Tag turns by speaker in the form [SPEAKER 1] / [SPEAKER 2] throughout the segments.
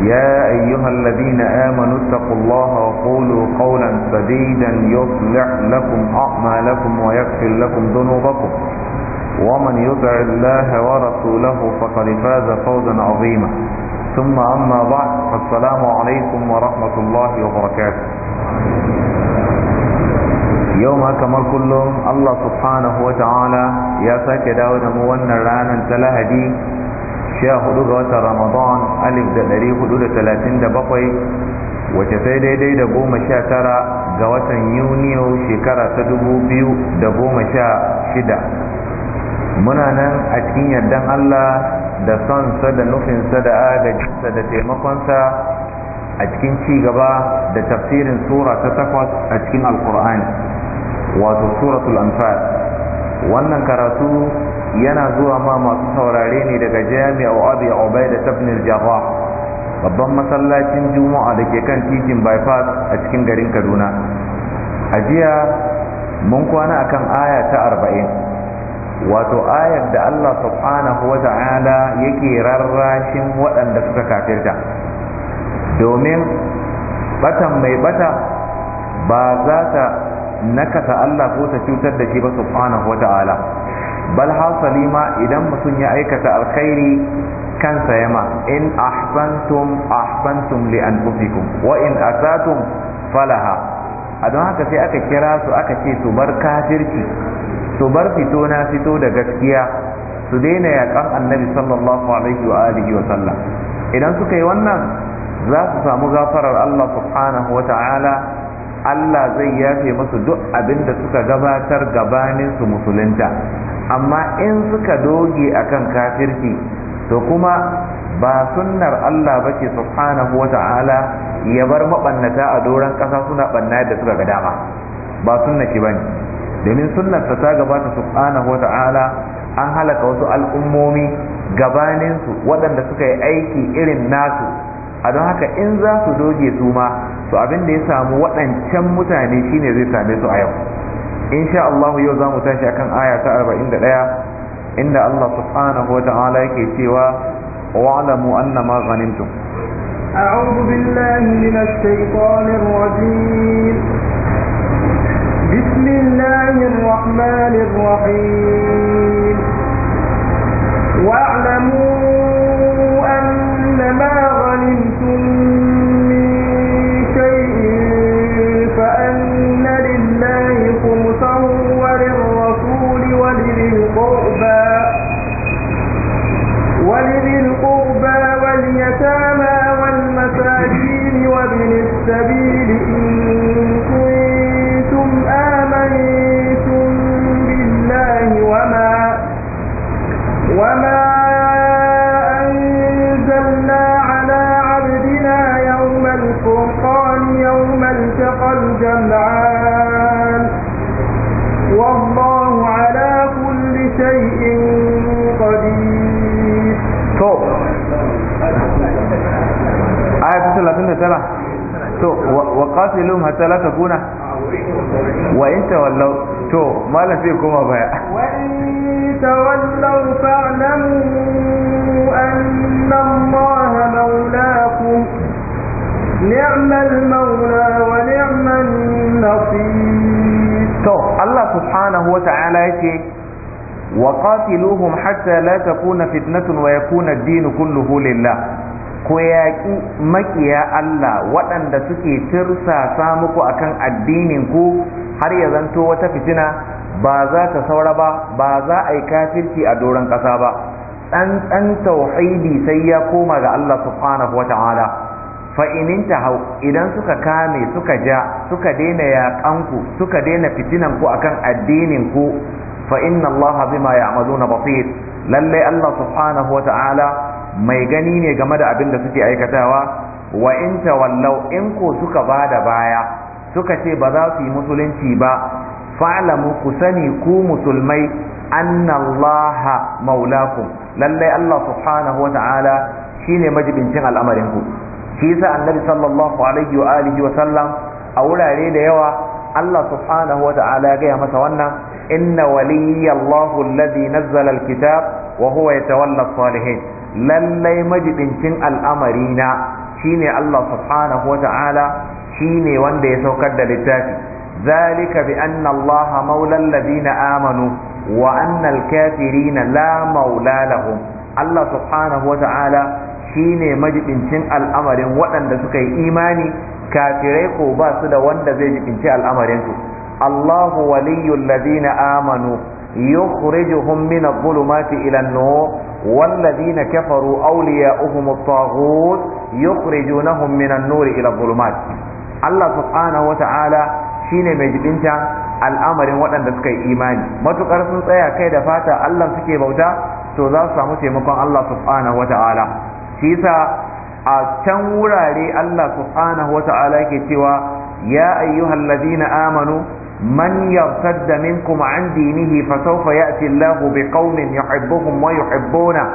[SPEAKER 1] يا أيها الذين آمنوا اتقوا الله وقولوا قولا سديدا يصلح لكم أعمالكم ويغفر لكم ذنوبكم ومن يطع الله ورسوله فقد فاز فوزا عظيما ثم أما بعد فالسلام عليكم ورحمة الله وبركاته يوم كما كلهم الله سبحانه وتعالى يا ساكي داود موانا رانا هدي sha hudu ga watan ramadan alif da dari hudu da talatin da bakwai wace sai daidai da goma sha tara ga watan yuniyo shekara ta dubu biyu da goma sha shida muna nan a cikin yardan allah da sonsa da nufinsa da agajinsa da taimakonsa a cikin ci gaba da tafsirin sura ta takwas a cikin alkur'ani wato suratul anfal wannan karatu yana zuwa ma masu saurare ne daga jami'a abi ubaida ibn al-jarrah babban masallacin juma'a da ke kan titin bypass a cikin garin kaduna a jiya mun kwana akan aya ta arba'in wato ayar da allah subhanahu wa ta'ala yake rarrashin waɗanda suka kafirta domin batan mai bata ba za ta nakasa allah ko ta cutar da shi ba subhanahu wa ta'ala bal hasali ma idan mutum ya aikata alkhairi kansa yama in ahsantum ahsantum li anfusikum wa in asatum falaha a don haka sai aka kira su aka ce su bar kafirci su bar fito na fito da gaskiya su daina yakan annabi sallallahu alaihi wa alihi wa sallam idan suka yi wannan za su samu gafarar Allah subhanahu wa Allah zai yafe musu duk abin da suka gabatar gabanin su musulunta amma in suka doge akan kafirci to kuma ba sunnar Allah ba ke subhanahu wa ta'ala ya bar mabannata a doron ƙasa suna banna da suka ga dama ba sunna ce bane domin sunnar ta gabata subhanahu wa ta'ala an halaka wasu al'ummomi gabanin su waɗanda suka yi aiki irin nasu a don haka in za su doge su ma to abin da ya samu waɗancan mutane shine zai same su a yau insha allahu yau za mu tashi akan aya ta 41 inda Allah subhanahu ta'ala yake cewa wa'lamu anna ma ghanimtum
[SPEAKER 2] أعوذ بالله من الشيطان الرجيم بسم الله الرحمن الرحيم واعلموا أن ما
[SPEAKER 1] حتى وتعالى تكون وإن تولوا تو ما لا فيكم بها
[SPEAKER 2] وإن تولوا فاعلموا أن الله مولاكم نعم المولى ونعم النصير تو الله سبحانه وتعالى يتي وقاتلوهم
[SPEAKER 1] حتى لا تكون فتنة ويكون الدين كله لله ku yaƙi makiya Allah waɗanda suke tirsasa muku akan addinin ku har ya zanto wata fitina ba za ta saura ba ba za a yi kafirci a doron ƙasa ba ɗan tauhidi sai ya koma ga Allah subhanahu wa ta'ala fa hau idan suka kame suka ja suka daina yaƙan ku suka daina fitinan ku akan addinin ku fa inna Allah bima ya'maluna basir lallai Allah subhanahu wa ta'ala mai gani ne game da abin da suke aikatawa wa in tawallau in ko suka ba da baya suka ce ba za su yi musulunci ba fa'lamu ku sani ku musulmai annallaha maulakum lallai Allah subhanahu wa ta'ala shine majibincin al'amarin ku shi yasa annabi sallallahu alaihi wa alihi wa sallam a wurare da yawa Allah subhanahu wa ta'ala ya gaya masa wannan inna waliyallahu alladhi nazzala alkitab wa huwa yatawalla salihin lallai majibincin al'amarina na shine Allah ta'ala shine wanda ya saukar da littafi zalika bi annallaha Allah lazina amanu wa'annan kafirina la maula Allah subhanahu ta'ala shine majibincin al'amarin waɗanda suka yi imani kafirai ko basu da wanda zai jibinci al'amarin su الله ولي الذين آمنوا يخرجهم من الظلمات إلى النور والذين كفروا أولياؤهم الطاغوت يخرجونهم من النور Allah الظلمات الله سبحانه وتعالى شين مجبنتا al'amarin waɗanda suka yi imani matuƙar sun tsaya kai da fata Allah suke bauta to za su samu taimakon Allah subhanahu wa ta'ala shi yasa a can wurare Allah subhanahu wa ta'ala yake cewa ya ayyuhal ladina amanu من يرتد منكم عن دينه فسوف يأتي الله بقوم يحبهم ويحبونه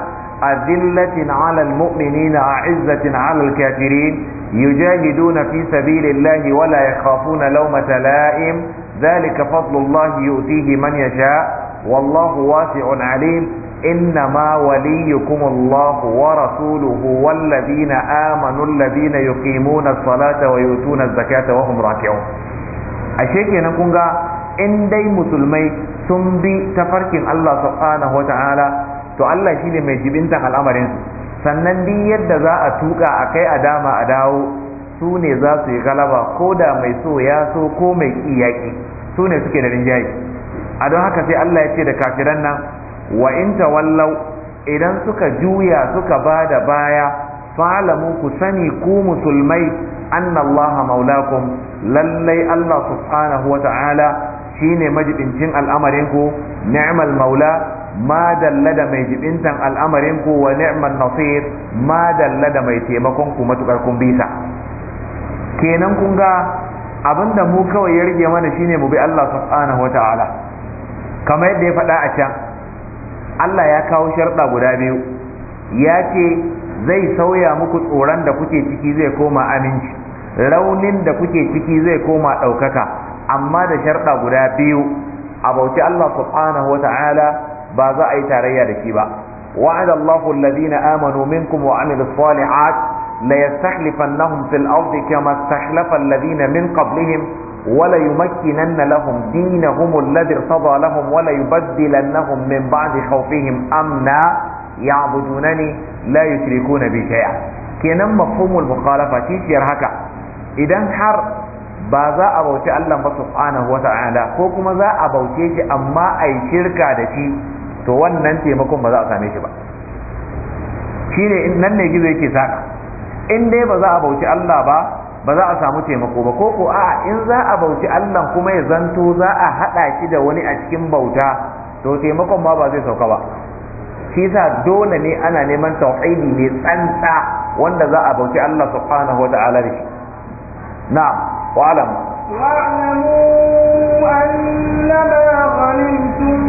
[SPEAKER 1] أذلة على المؤمنين أعزة على الكافرين يجاهدون في سبيل الله ولا يخافون لومة لائم ذلك فضل الله يؤتيه من يشاء والله واسع عليم إنما وليكم الله ورسوله والذين آمنوا الذين يقيمون الصلاة ويؤتون الزكاة وهم راكعون ashe kenan kun ga in dai musulmai sun bi tafarkin Allah subhanahu Ta'ala, to Allah shine mai jibintan al'amarin sannan duk yadda za a tuka a kai a dama a dawo su ne za su yi galaba ko da mai so ya so ko mai ƙi su ne suke da rinjaye a don haka sai Allah ya ce da kafiran nan wa in tawallau idan suka juya suka ba da baya fa'alamu ku sani ku musulmai annallaha maulakum lallai Allah subhanahu wa ta'ala shine majibincin al'amarin ku ni'mal maula ma dallada mai jibintan al'amarin ku wa ni'mal nasir ma dallada mai taimakon ku matukar kun bisa kenan kun ga abinda mu kawai ya rige mana shine mu bi Allah subhanahu wa ta'ala kamar yadda ya faɗa a can Allah ya kawo sharɗa guda biyu ya ce zai sauya muku tsoron da kuke ciki zai koma aminci raunin da kuke ciki zai koma ɗaukaka amma da sharɗa guda biyu a bauci Allah subhanahu wa ta'ala ba za a yi tarayya da shi ba wa'ada Allahu alladhina amanu minkum wa amilus salihat ليستخلفنهم في الأرض كما استخلف الذين من قبلهم وليمكنن لهم دينهم الذي ارتضى لهم وليبدلنهم من بعد خوفهم أمنا ya'budunani la na bi shay'a kenan mafhumul mukhalafa kishiyar haka idan har ba za a bauci Allah ba subhanahu wa ta'ala ko kuma za a bauce shi amma a yi shirka da shi to wannan taimakon ba za a same shi ba Shi ne nan ne gizo yake saka in dai ba za a bauci Allah ba ba za a samu taimako ba ko ko a in za a bauci Allah kuma ya zanto za a haɗa shi da wani a cikin bauta to taimakon ma ba zai sauka ba shi yasa dole ne ana neman tauhidi mai tsantsa wanda za a bauki Allah subhanahu wa ta'ala da shi na'am wa alam
[SPEAKER 2] wa'lamu annama ghanimtum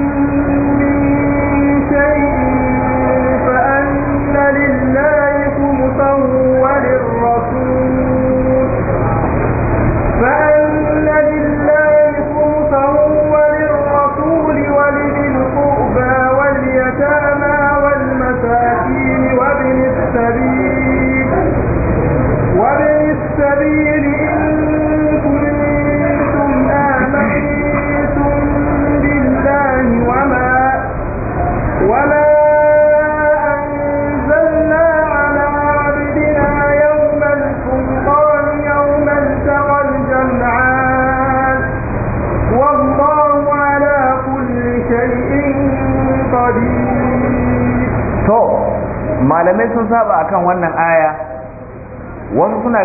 [SPEAKER 2] min shay'in fa anna lillahi khumsahu wa lirrasul الذين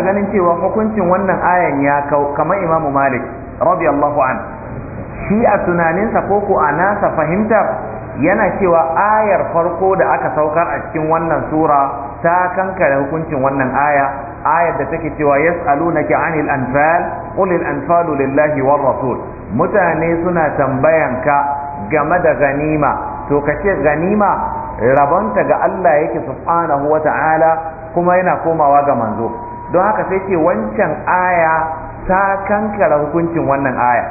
[SPEAKER 1] ganin cewa hukuncin wannan ayan ya kau kamar imamu malik radiyallahu an shi a tunaninsa ko ko a nasa fahimtar yana cewa ayar farko da aka saukar a cikin wannan sura ta kankare hukuncin wannan aya ayar da take cewa yas'alunaka anil anfal qul al anfalu lillahi war rasul mutane suna tambayanka game da ganima to kace ganima rabonta ga Allah yake subhanahu wata'ala kuma yana komawa ga manzo don haka sai ce wancan aya ta kankara hukuncin wannan aya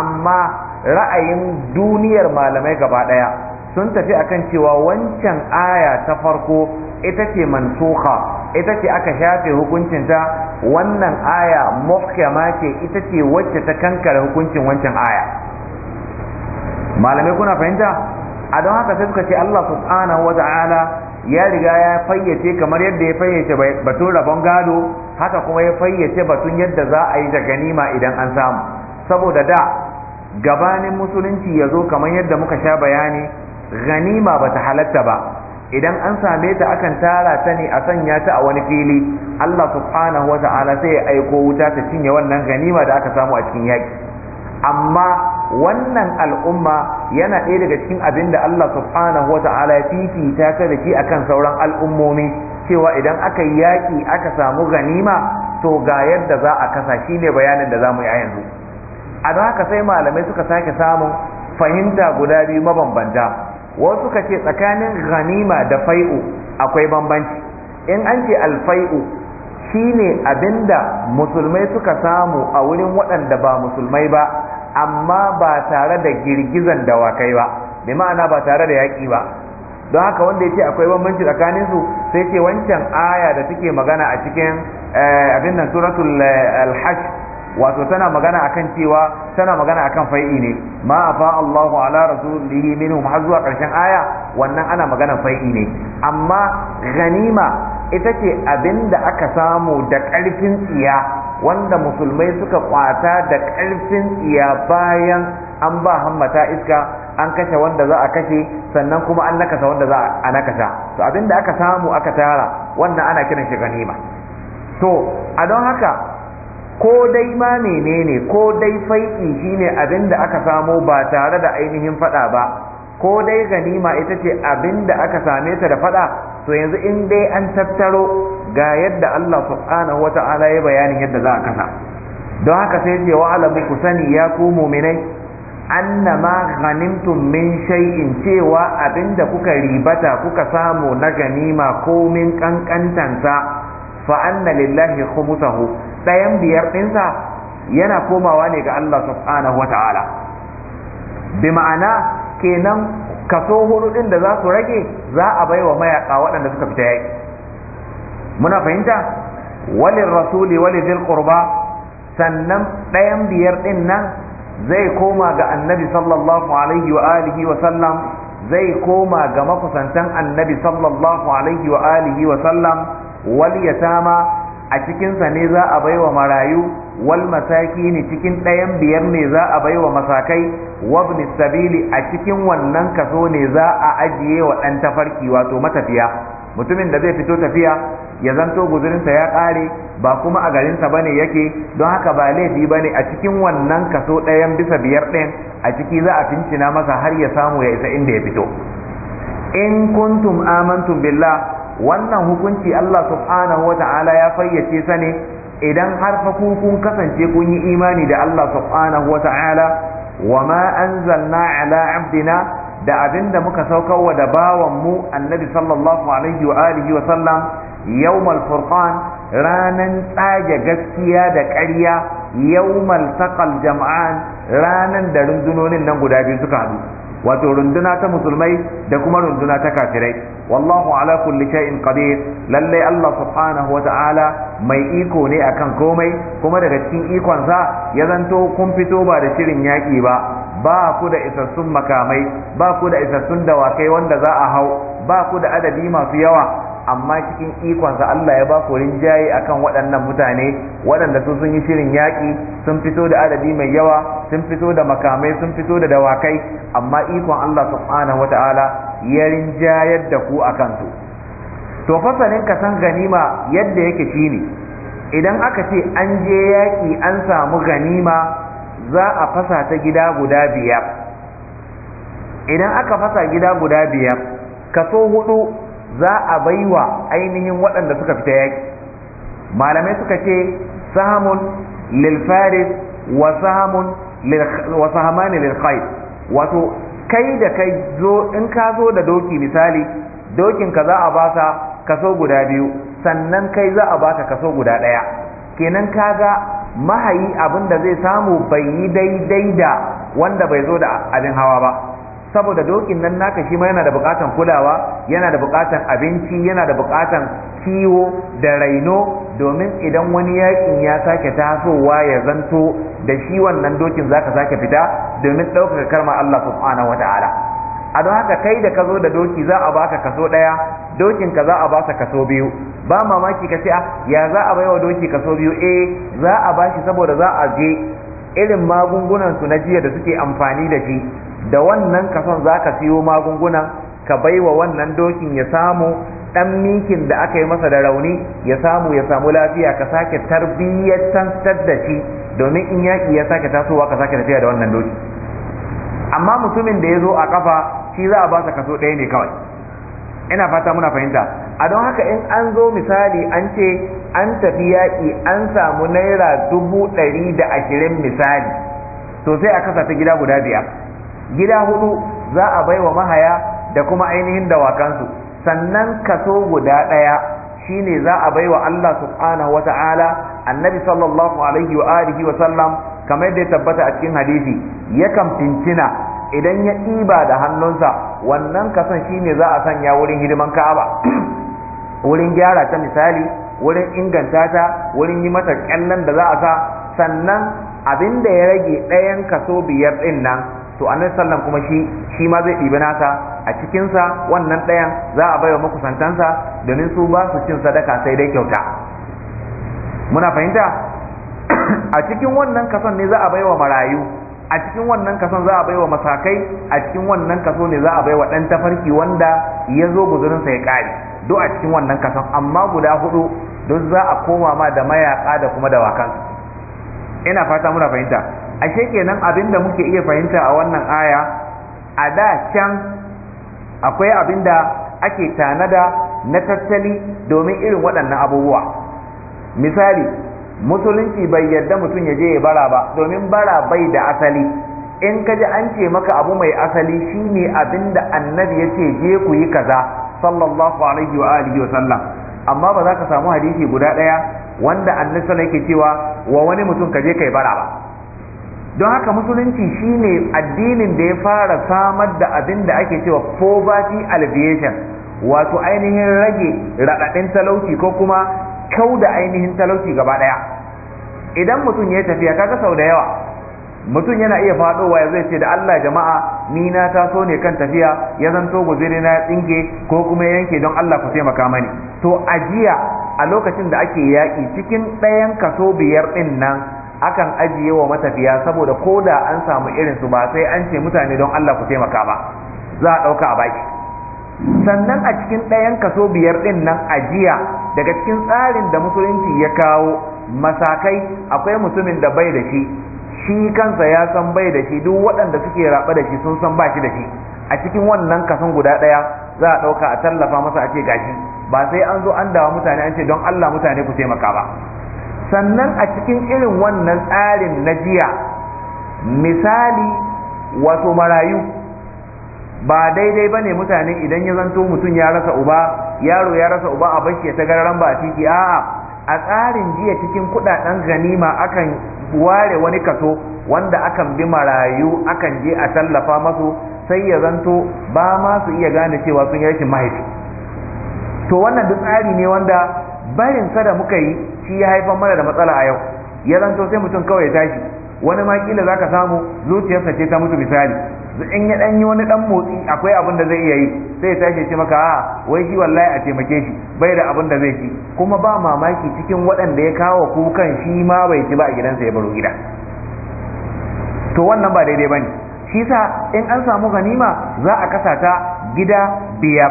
[SPEAKER 1] amma ra'ayin duniyar malamai gaba ɗaya sun tafi akan cewa wancan aya ta farko ita ce mansuha ita ce aka shafe hukuncin ta wannan aya muhkama ce ita ce wacce ta kankara hukuncin wancan aya malamai kuna fahimta a don haka sai suka ce Allah subhanahu wa ta'ala ya riga ya fayyace kamar yadda ya fayyace batun rabon gado haka kuma ya fayyace batun yadda za a yi da ganima idan an samu saboda da gabanin musulunci ya zo kamar yadda muka sha bayani ganima ba ta halatta ba idan an same ta akan tara ta ne a sanya ta a wani fili Allah subhanahu wa ta'ala sai ya aiko wuta ta cinye wannan ganima da aka samu a cikin yaki amma wannan al'umma yana ɗaya daga cikin abin da Allah subhanahu wa ta'ala ya fifita ta da shi akan sauran al'ummomi cewa idan aka yi yaƙi aka samu ganima to ga yadda za a kasa shi ne bayanin da za mu yi a yanzu a haka sai malamai suka sake samun fahimta guda biyu mabambanta wasu suka ce tsakanin ganima da fai'u akwai bambanci in an ce alfai'u shine abinda musulmai suka samu a wurin waɗanda ba musulmai ba amma ba tare da girgizan dawakai ba bi ma'ana ba tare da yaƙi ba don haka wanda ya ce akwai bambanci tsakanin su sai ce wancan aya da take magana a cikin eh, abin nan suratul eh, al wato tana magana akan cewa tana magana akan fai'i ne ma afa Allahu ala rasulihi minhum har zuwa karshen aya wannan ana magana fai'i ne amma ganima ita ce abin da aka samu da ƙarfin tsiya wanda musulmai suka kwata da ƙarfin tsiya bayan an ba hammata iska an kashe wanda za a kashe sannan kuma an nakasa wanda za a nakasa to abin da aka samu aka tara wannan ana kiran shi ganima to a don haka ko dai ma menene ko dai faiki shine abin da aka samo ba tare da ainihin faɗa ba ko dai ganima ita ce abin da aka same ta da fada to yanzu in dai an tattaro ga yadda Allah subhanahu wa ta'ala ya bayani yadda za a kasa don haka sai ce wa alamu ku sani ya ku muminai annama ghanimtum min shay'in cewa abin da kuka ribata kuka samu na ganima ko min kankantansa fa anna lillahi khumsahu dayan biyar dinsa yana komawa ne ga Allah subhanahu wa ta'ala bi ma'ana kenan kaso hudu din da za su rage za a baiwa mayaka waɗanda suka fita yaki muna fahimta walin rasuli wali zil qurba sannan ɗayan biyar din nan zai koma ga annabi sallallahu alaihi wa alihi wa sallam zai koma ga makusantan annabi sallallahu alaihi wa alihi wa sallam wal yatama a cikinsa ne za a baiwa marayu wal ne cikin ɗayan biyar ne za a baiwa masakai wabni sabili a cikin wannan kaso ne za a ajiye wa ɗan tafarki wato matafiya mutumin da zai fito tafiya ya zanto guzurinsa ya ƙare ba kuma a garinsa bane yake don haka ba laifi bane a cikin wannan kaso ɗayan bisa biyar ɗin a ciki za a fincina masa har ya samu ya isa inda ya fito in kuntum amantum billah wannan hukunci Allah subhanahu wata'ala ya fayyace sa idan har fa ku kun kasance kun yi imani da Allah subhanahu wa ta'ala wa ma anzalna ala abdina da abinda muka saukar wa da bawan mu annabi sallallahu alaihi wa alihi wa sallam yawmal furqan ranan tsage gaskiya da ƙarya yawmal taqal jam'an ranan da rundunonin nan guda biyu suka haɗu wato runduna ta musulmai da kuma runduna ta kafirai wallahu ala kulli shay'in qadir lalle Allah subhanahu wa ta'ala mai iko ne akan komai kuma daga cikin ikonsa ya zanto kun fito ba da shirin yaki ba ba ku da isassun makamai ba ku da isassun dawakai wanda za a hau ba ku da adadi masu yawa amma cikin ikonsa Allah ya ba ku rinjaye akan waɗannan mutane waɗanda su sun yi shirin yaƙi sun fito da adadi mai yawa sun fito da makamai sun fito da dawakai amma ikon Allah subhanahu wata'ala ya rinjayar da ku akan su to fasalin ka san ganima yadda yake shine idan aka ce an je yaƙi an samu ganima za a fasa ta gida guda biyar idan aka fasa gida guda biyar kaso hudu za a baiwa ainihin waɗanda suka fita yaƙi malamai suka ce samun lilfaris wa sahamun wa wato kai da kai zo in ka zo da doki misali dokin ka za a baka kaso guda biyu sannan kai za a baka kaso guda ɗaya kenan kaga mahayi abin da zai samu bai yi daidai da wanda bai zo da abin hawa ba saboda dokin nan naka shi ma yana da bukatan kulawa yana da bukatan abinci yana da bukatan kiwo da raino domin idan wani yakin ya sake tasowa ya zanto da shi wannan dokin zaka sake fita domin ɗaukaka karma Allah subhanahu wata'ala a don haka kai da ka zo da doki za a baka kaso ɗaya dokin ka za a baka kaso biyu ba mamaki ka ce ah, ya za a baiwa doki kaso biyu eh za a bashi saboda za a je irin magungunan su na jiya da suke amfani da shi da wannan kasan za ka siyo magunguna ka bai wa wannan dokin ya samu ɗan mikin da aka yi masa da rauni ya samu ya samu lafiya ka sake tarbiyyar da shi domin in yaƙi ya sake tasowa ka sake tafiya da wannan doki amma mutumin da ya zo a kafa shi za a ba sa kaso ɗaya ne kawai ina fata muna fahimta a don haka in an zo misali an ce an tafi yaƙi an samu naira dubu ɗari da ashirin misali to sai a kasa ta gida guda biyar gida hudu za a baiwa mahaya da kuma ainihin dawakansu sannan kaso guda ɗaya shine za a baiwa Allah subhanahu wata'ala annabi sallallahu alaihi wa alihi wa sallam kamar da ya tabbata a cikin hadisi yakan fincina idan ya ɗiba da hannunsa wannan kasan shine za a sanya wurin hidiman ka'aba wurin gyara ta misali wurin inganta ta wurin yi mata kyallan da za a sa sannan abinda ya rage ɗayan kaso biyar ɗin nan to annabi sallam kuma shi shi ma zai ɗibi nasa a cikinsa wannan ɗayan za a baiwa makusantansa domin su ba su cin sadaka sai dai kyauta muna fahimta a cikin wannan kason ne za a baiwa marayu a cikin wannan kason za a baiwa masakai a cikin wannan kaso ne za a baiwa ɗan tafarki wanda ya zo guzurinsa ya ƙare duk a cikin wannan kason amma guda hudu duk za a koma ma da mayaka da kuma dawakan ina fata muna fahimta ashe kenan abin da muke iya fahimta a wannan aya a da can akwai abin da ake tanada na tattali domin irin waɗannan abubuwa misali musulunci bai yarda mutum ya je ya bara ba domin bara bai da asali in ka ji an ce maka abu mai asali shine abin da annabi ya ce je ku yi kaza sallallahu alaihi wa alihi wa sallam amma ba za ka samu hadisi guda ɗaya wanda annabi sallallahu yake cewa wa wani mutum ka je kai bara ba don haka musulunci shine addinin da ya fara samar da abin da ake cewa poverty alleviation wato ainihin rage raɗaɗin talauci ko kuma kyau da ainihin talauci gaba ɗaya idan mutum ya tafiya kaga sau da yawa mutum yana iya faɗowa ya zai ce da Allah jama'a ni na taso ne kan tafiya ya zanto guzuri na tsinke ko kuma yanke don Allah ku taimaka mani to ajiya a lokacin da ake yaƙi cikin ɗayan kaso biyar ɗin nan akan ajiye wa matafiya saboda ko da an samu irin su ba sai an ce mutane don Allah ku taimaka ba za a ɗauka a baki sannan a cikin ɗayan kaso biyar ɗin nan ajiya daga cikin tsarin da musulunci ya kawo masakai akwai mutumin da bai da shi shi kansa ya san bai da shi duk waɗanda suke raɓa da shi sun san ba shi da shi a cikin wannan kasan guda ɗaya za a ɗauka a tallafa masa a ce gashi ba sai an zo an dawa mutane an ce don Allah mutane ku taimaka ba sannan a cikin irin wannan tsarin na jiya misali wato marayu ba daidai ba ne mutane idan ya zanto mutum ya rasa uba yaro ya rasa uba a bashi ya ta gararan ba titi a'a a tsarin jiya cikin kudaden ganima akan ware wani kaso wanda akan bi marayu akan je a tallafa masu sai ya zanto ba ma su iya gane cewa sun yi rashin mahaifi to wannan duk tsari ne wanda barin sa da muka yi shi ya haifar mana da matsala a yau ya zanto sai mutum kawai ya tashi wani ma kila ka samu zuciyarsa ce ta mutu misali in ya dan yi wani ɗan motsi akwai abin da zai iya yi sai ya tashi ce maka a wai shi wallahi a taimake shi bai da abin da zai ci kuma ba mamaki cikin waɗanda ya kawo kukan shi ma bai ci ba a gidansa ya baro gida to wannan ba daidai bane shi sa in an samu ganima za a kasa ta gida biyar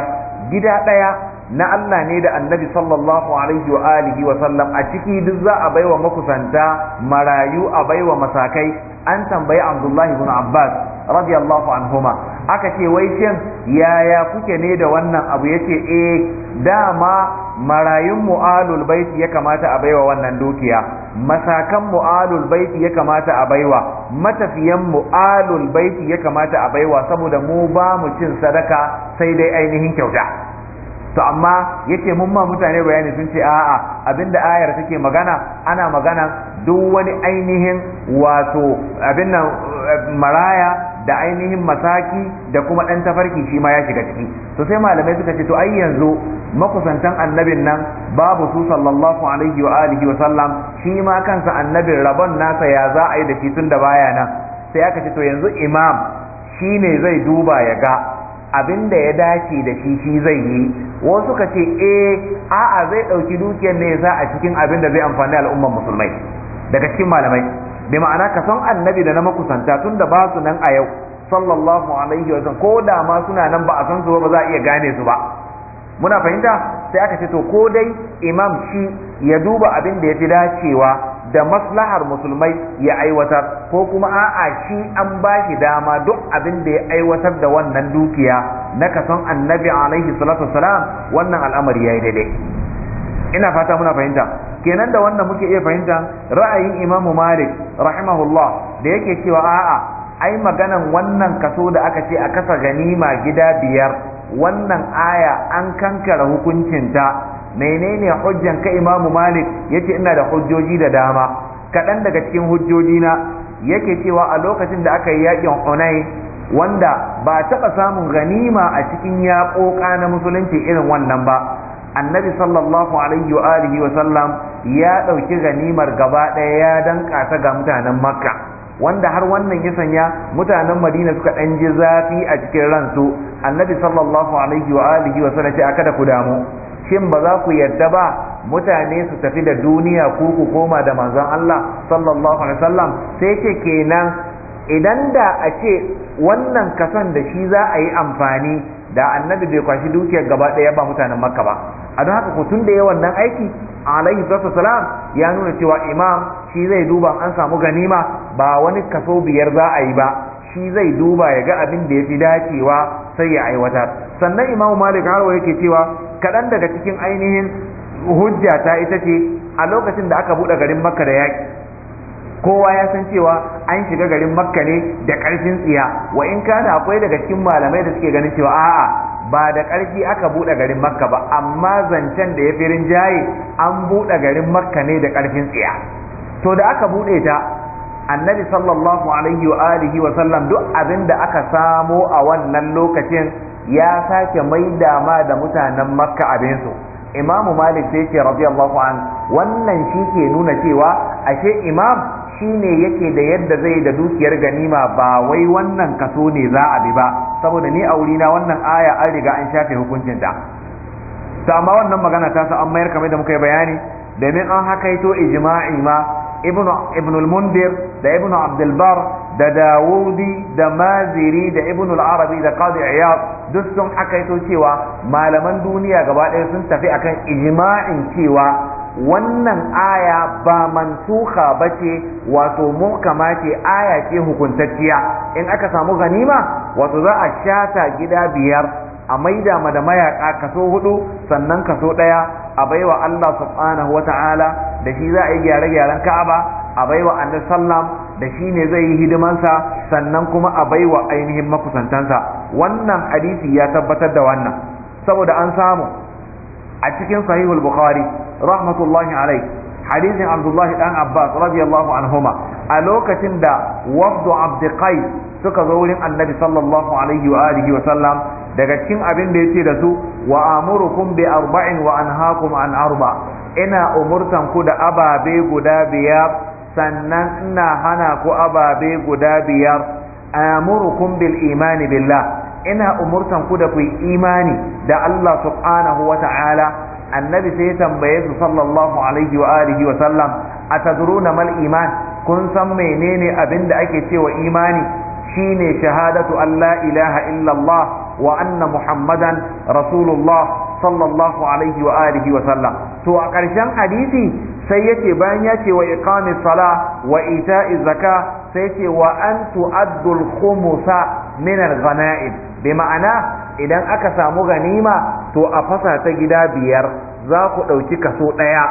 [SPEAKER 1] gida ɗaya na Allah ne da annabi sallallahu alaihi wa alihi wa sallam a ciki duk za a baiwa makusanta marayu a baiwa masakai an tambayi Abdullahi ibn Abbas radiyallahu anhuma aka ce wai shin yaya kuke ne da wannan abu yace eh dama marayun mu'alul baiti ya kamata a baiwa wannan dukiya masakan mu'alul baiti ya kamata a baiwa matafiyan mu'alul baiti ya kamata a baiwa saboda mu ba mu cin sadaka sai dai ainihin kyauta to amma yake mun ma mutane bayani sun ce a'a abinda ayar take magana ana magana duk wani ainihin wato abin nan eh, maraya da ainihin masaki da kuma ɗan tafarki shi ma ya shiga ciki to sai malamai suka ce to ai yanzu makusantan annabin nan babu su sallallahu alaihi wa alihi wa sallam shi ma kansa annabin rabon nasa ya za a yi da shi tun da baya nan sai aka ce to yanzu imam shine zai duba ya ga abin da ya dace da shi shi zai yi wasu ka ce eh a'a zai ɗauki dukiyar ne za a cikin abin da zai amfani al'umman musulmai daga cikin malamai da ma'ana ka san annabi da na makusanta tun da ba su nan a yau sallallahu alaihi wa sallam ko da ma suna nan ba a san su ba za a iya gane su ba muna fahimta sai aka ce to ko dai imam shi ya duba abin da ya fi dacewa da maslahar musulmai ya aiwatar ko kuma a'a shi an ba shi dama duk abin da ya aiwatar da wannan dukiya na kason annabi alaihi salatu salam wannan al'amari yi daidai ina fata muna fahimta kenan da wannan muke iya fahimta ra'ayin imamu malik rahimahullah da yake cewa a'a ai maganan wannan kaso da aka ce a kasa ganima gida biyar wannan aya an kankara hukuncinta menene hujjan ka imamu malik yace ina da hujjoji da dama kaɗan daga cikin hujjoji na yake cewa a lokacin da aka yi yakin hunai wanda ba taɓa samun ganima a cikin yaƙoƙa na musulunci irin wannan ba annabi sallallahu alaihi wa alihi wa sallam ya ɗauki ganimar gaba ɗaya ya danka ta ga mutanen makka wanda har wannan ya sanya mutanen madina suka ɗan ji zafi a cikin ransu annabi sallallahu alaihi wa alihi wa sallam ce aka ku damu shin ba za ku yadda ba mutane su tafi da duniya ko ku koma da manzon Allah sallallahu alaihi wasallam sai ce kenan idan da a ce wannan kasan da shi za a yi amfani da annabi bai kwashi dukiyar gaba ɗaya ba mutanen makka ba a don haka ku tun da yawan nan aiki alaihi salam ya nuna cewa imam shi zai duba an samu ganima ba wani kaso biyar za a yi ba shi zai duba ya ga abin da ya fi dacewa sai ya aiwatar sannan imamu malik harwa yake cewa kaɗan daga cikin ainihin hujja ta ita ce a lokacin da aka buɗe garin makka da yaƙi kowa ya san cewa an shiga garin makka ne da ƙarfin tsiya wa in kana akwai daga cikin malamai da suke ganin cewa a'a ba da ƙarfi aka buɗe garin makka ba amma zancen da ya fi rinjaye an buɗe garin makka ne da ƙarfin tsiya to da aka buɗe ta annabi sallallahu alaihi wa alihi wa sallam duk abin da aka samo a wannan lokacin ya sake mai dama da mutanen makka abinsu imamu malik sai ce allahu an wannan shi ke nuna cewa ashe imam shi ne yake da yadda zai da dukiyar ganima ba wai wannan kaso ne za a bi ba saboda ni a wurina wannan aya an riga an shafe hukuncinta to amma wannan magana ta sa an mayar kamar da muka yi bayani domin an hakaito ijma'i ma ibnu ibnu al-mundir da ibnu abdul bar da dawudi da maziri da ibn al-arabi da qadi iyad duk sun hakaito cewa malaman duniya gaba ɗaya sun tafi akan ijma'in cewa wannan aya ba mansuka ba ce wato muhkama ce aya ce hukuntacciya in aka samu ganima wato za a shata gida biyar a maida ma da mayaka kaso hudu sannan kaso daya a baiwa Allah subhanahu ta'ala da shi za a yi gyare-gyaren Ka'aba a baiwa Annabi sallam da shi ne zai yi hidimansa sannan kuma a baiwa ainihin makusantansa wannan hadisi ya tabbatar da wannan saboda an samu a cikin sahihul bukhari rahmatullahi alai hadisin abdullahi dan abbas radiyallahu anhuma a lokacin da wafdu abdiqai suka zo wurin annabi sallallahu alaihi wa alihi wa sallam daga cikin abin da yace da su wa amurukum bi arba'in wa anhaakum an arba ina umurtan ku da ababe guda biyar sannan ina hana ku ababe guda biyar amurukum bil imani billah ina umurtan ku da ku imani da Allah subhanahu wa ta'ala annabi sai ya tambaye su sallallahu alaihi wa alihi wa sallam atadruna mal iman kun san menene abin da ake cewa imani shine shahadatu an la ilaha illallah wa anna muhammadan rasulullah sallallahu alaihi wa alihi wa sallam to a ƙarshen hadisi sai yace bayan ya ce wa Ikami sala wa ita'iz zaka sai ce wa an tu'addul khumusa min al-ghanaim bi ma'ana idan aka samu ganima to a fasa ta gida biyar za ku ɗauki kaso ɗaya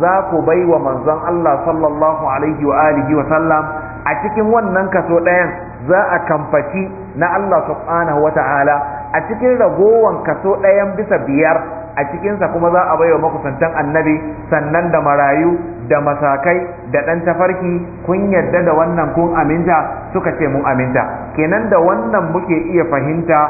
[SPEAKER 1] za ku bai wa manzon Allah sallallahu alaihi wa alihi wa sallam a cikin wannan kaso ɗayan za a kamfaci na Allah subhanahu wa ta'ala a cikin ragowan kaso ɗayan bisa biyar a cikinsa kuma za a baiwa makusantan annabi sannan da marayu da masakai da ɗan tafarki kun yadda da wannan kun aminta suka ce mun aminta kenan da wannan muke iya fahimta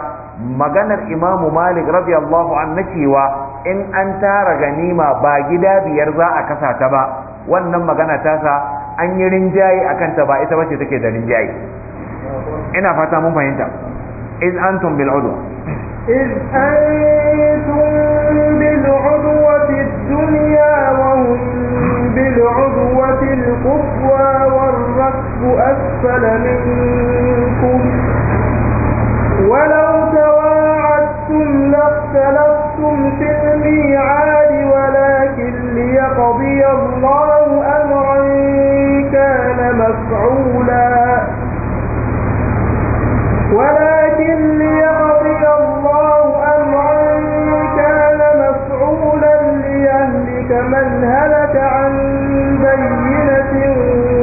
[SPEAKER 1] maganar imamu malik radiyallahu an na cewa in an tara ganima ba gida biyar za a kasa ta ba wannan magana tasa an yi rinjaye a kanta ba ita bace take da rinjaye ina fata mun fahimta iz antum bil udwa
[SPEAKER 2] iz بالعدوة الدنيا وهم بالعدوة القصوى والركب أسفل منكم ولو تواعدتم لاختلفتم في الميعاد ولكن ليقضي الله أمرا كان مفعولا ولا أهلكت من هلك عن بينة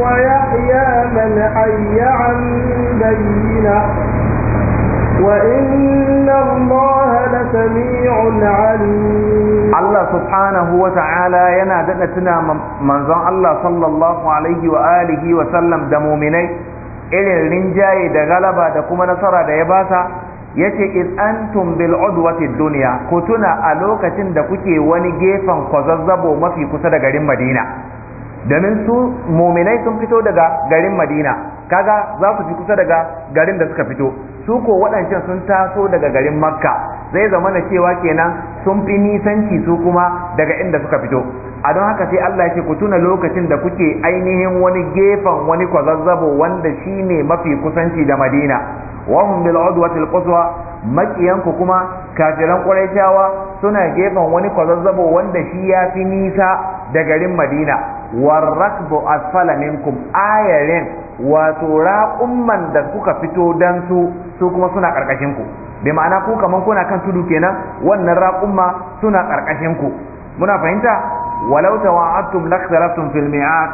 [SPEAKER 2] ويحيى من حي عن بينة وإن الله لسميع
[SPEAKER 1] عليم الله سبحانه وتعالى ينا دتنا منزon Allah sallallahu alaihi wa alihi wa sallam da muminai irin rinjaye da galaba da kuma nasara da ya basa yace iz antum bil udwati dunya ku tuna a lokacin da kuke wani gefen kwazazzabo mafi kusa da garin Madina domin su muminai sun fito daga garin Madina kaga za su fi kusa daga garin da suka fito su ko waɗancan sun taso daga garin Makka zai zama na cewa kenan sun fi nisanci su kuma daga inda suka fito a don haka sai Allah ya ce ku tuna lokacin da kuke ainihin wani gefen wani kwazazzabo wanda shine mafi kusanci da Madina wa hum bil udwati al makiyan ku kuma kafiran quraishawa suna gefen wani kwazazzabo wanda shi ya fi nisa da garin madina war rakbu asfala minkum ayarin wato raƙumman da kuka fito dan su su kuma suna karkashin ku bi ma'ana ku kaman kuna kan tudu kenan wannan raqumma suna karkashin ku muna fahimta walau tawa'attum lakhtaratum fil mi'ad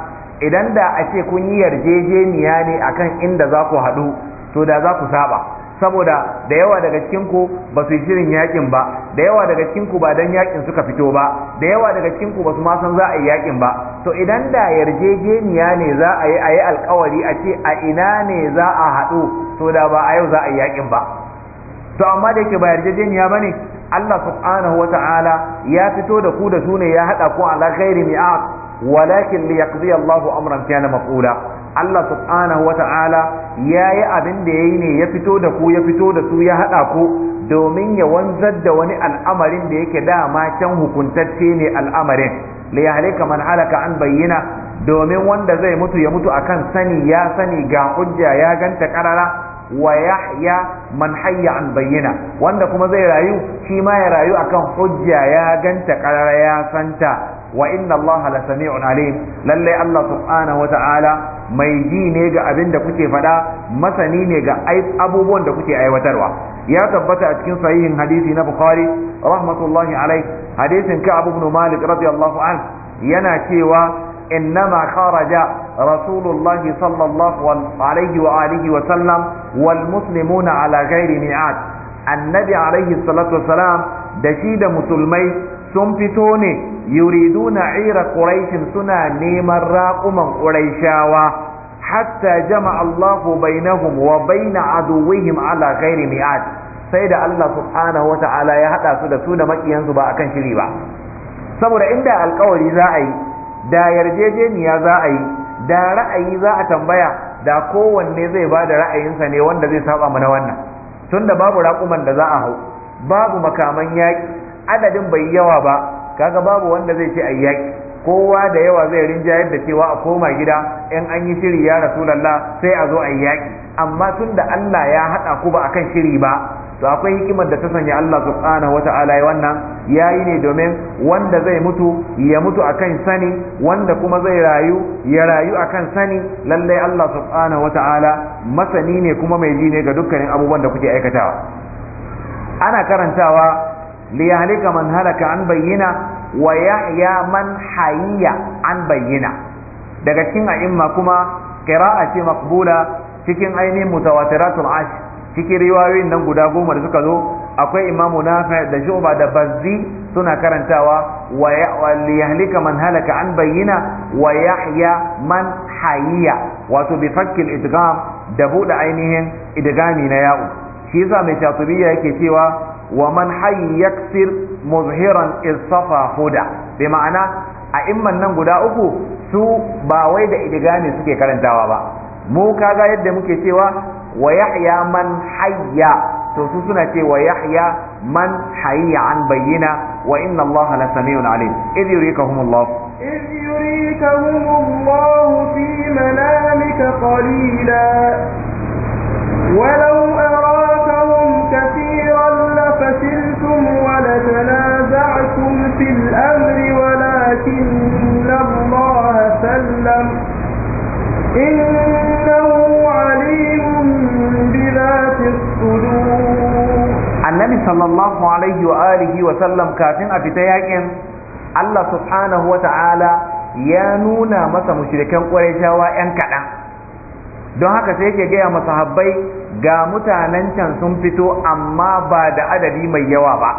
[SPEAKER 1] idan da a ce kun yi yarjejeniya ne akan inda za ku haɗu to da za ku saba saboda da yawa daga cikin ku ba su yi shirin yakin ba da yawa daga cikin ku ba dan yakin suka fito ba da yawa daga cikin ku ba su ma san za a yi yakin ba to idan da yarjejeniya ne za a yi a yi alkawari a ce a ina ne za a haɗu to da ba a yau za a yi yakin ba to amma da yake ba yarjejeniya ba ne Allah subhanahu wata'ala ya fito da ku da su ne ya haɗa ku ala Mi'a, mi'aq walakin liyaqdi Allahu amran kana maqula Allah subhanahu wa ta'ala ya yi abin da ya yi ne ya fito da ku ya fito da su ya haɗa ku domin ya wanzar da wani al'amarin da yake dama can hukuntacce ne al'amarin li yahlika man halaka an bayyana domin wanda zai mutu ya mutu akan sani ya sani ga hujja ya ganta karara wa yahya man hayya an bayyana wanda kuma zai rayu shi ma ya rayu akan hujja ya ganta karara ya santa wa inna Allah la sami'un lallai lalle Allah subhanahu wata'ala mai ji ne ga abinda da kuke faɗa masani ne ga abubuwan da kuke aiwatarwa ya tabbata a cikin sahihin hadisi na Bukhari rahmatullahi alai hadisin ka Abu Malik radiyallahu yana cewa إنما خرج رسول الله صلى الله عليه وآله وسلم والمسلمون على غير ميعاد النبي عليه الصلاة والسلام da shi da musulmai sun fito ne Yuridu na ira ƙuraishin suna neman raƙuman ƙuraishawa hatta jama Allahu bainahum wa baina aduwwihim ala ghairi mi'ad sai da Allah subhanahu wata'ala ya hada su da su da makiyansu ba akan shiri ba saboda inda alkawari za a yi da yarjejeniya za a yi da ra'ayi za a tambaya da kowanne zai ba da ra'ayinsa ne wanda zai saba mana wannan tunda babu raƙuman da za a hau babu makaman yaƙi adadin bai yi yawa ba kaga babu wanda zai ce ayyaki kowa da yawa zai rinjayar yadda cewa a koma gida in an yi shiri ya rasulallah sai a zo ayyaki amma tun da Allah ya haɗa ku ba akan shiri ba to akwai hikimar da ta sanya Allah subhanahu wata'ala ya wannan yayi ne domin wanda zai mutu ya mutu akan sani wanda kuma zai rayu ya rayu akan sani lallai Allah subhanahu wata'ala masani ne kuma mai ji ne ga dukkanin abubuwan da kuke aikatawa ana karantawa liyahlika man halaka an bayyana wa yahya man hayya an bayyana. daga cikin a'imma kuma qira'ati ce maqbula cikin ainihin mutawatiratul ash cikin riwayoyin nan guda goma da suka zo akwai imamu nafi da shuba da bazzi suna karantawa wa yahlika man halaka an bayyana wa yahya man hayya wato bi fakkil idgham da buɗe ainihin idgami na ya'u shi yasa mai tatubiyya yake cewa wa man hayy yaksir muzhiran irsafa huda ma'ana a imman nan guda uku su ba wai da idigami suke karantawa ba mu kaga yadda muke cewa wa yahya man hayya to su suna ce wa yahya man hayya an bayyina wa inna allaha la sami'un alim idh yurikahumullahu
[SPEAKER 2] إذ يريكهم الله في منامك قليلا ولو
[SPEAKER 1] annabi sallallahu alaihi wa alihi wa sallam kafin a fita yakin Allah subhanahu wa ta'ala ya nuna masa mushrikan ƙwarishawa 'yan kaɗan don haka sai yake gaya masa habbai ga mutanen can sun fito amma ba da adadi mai yawa ba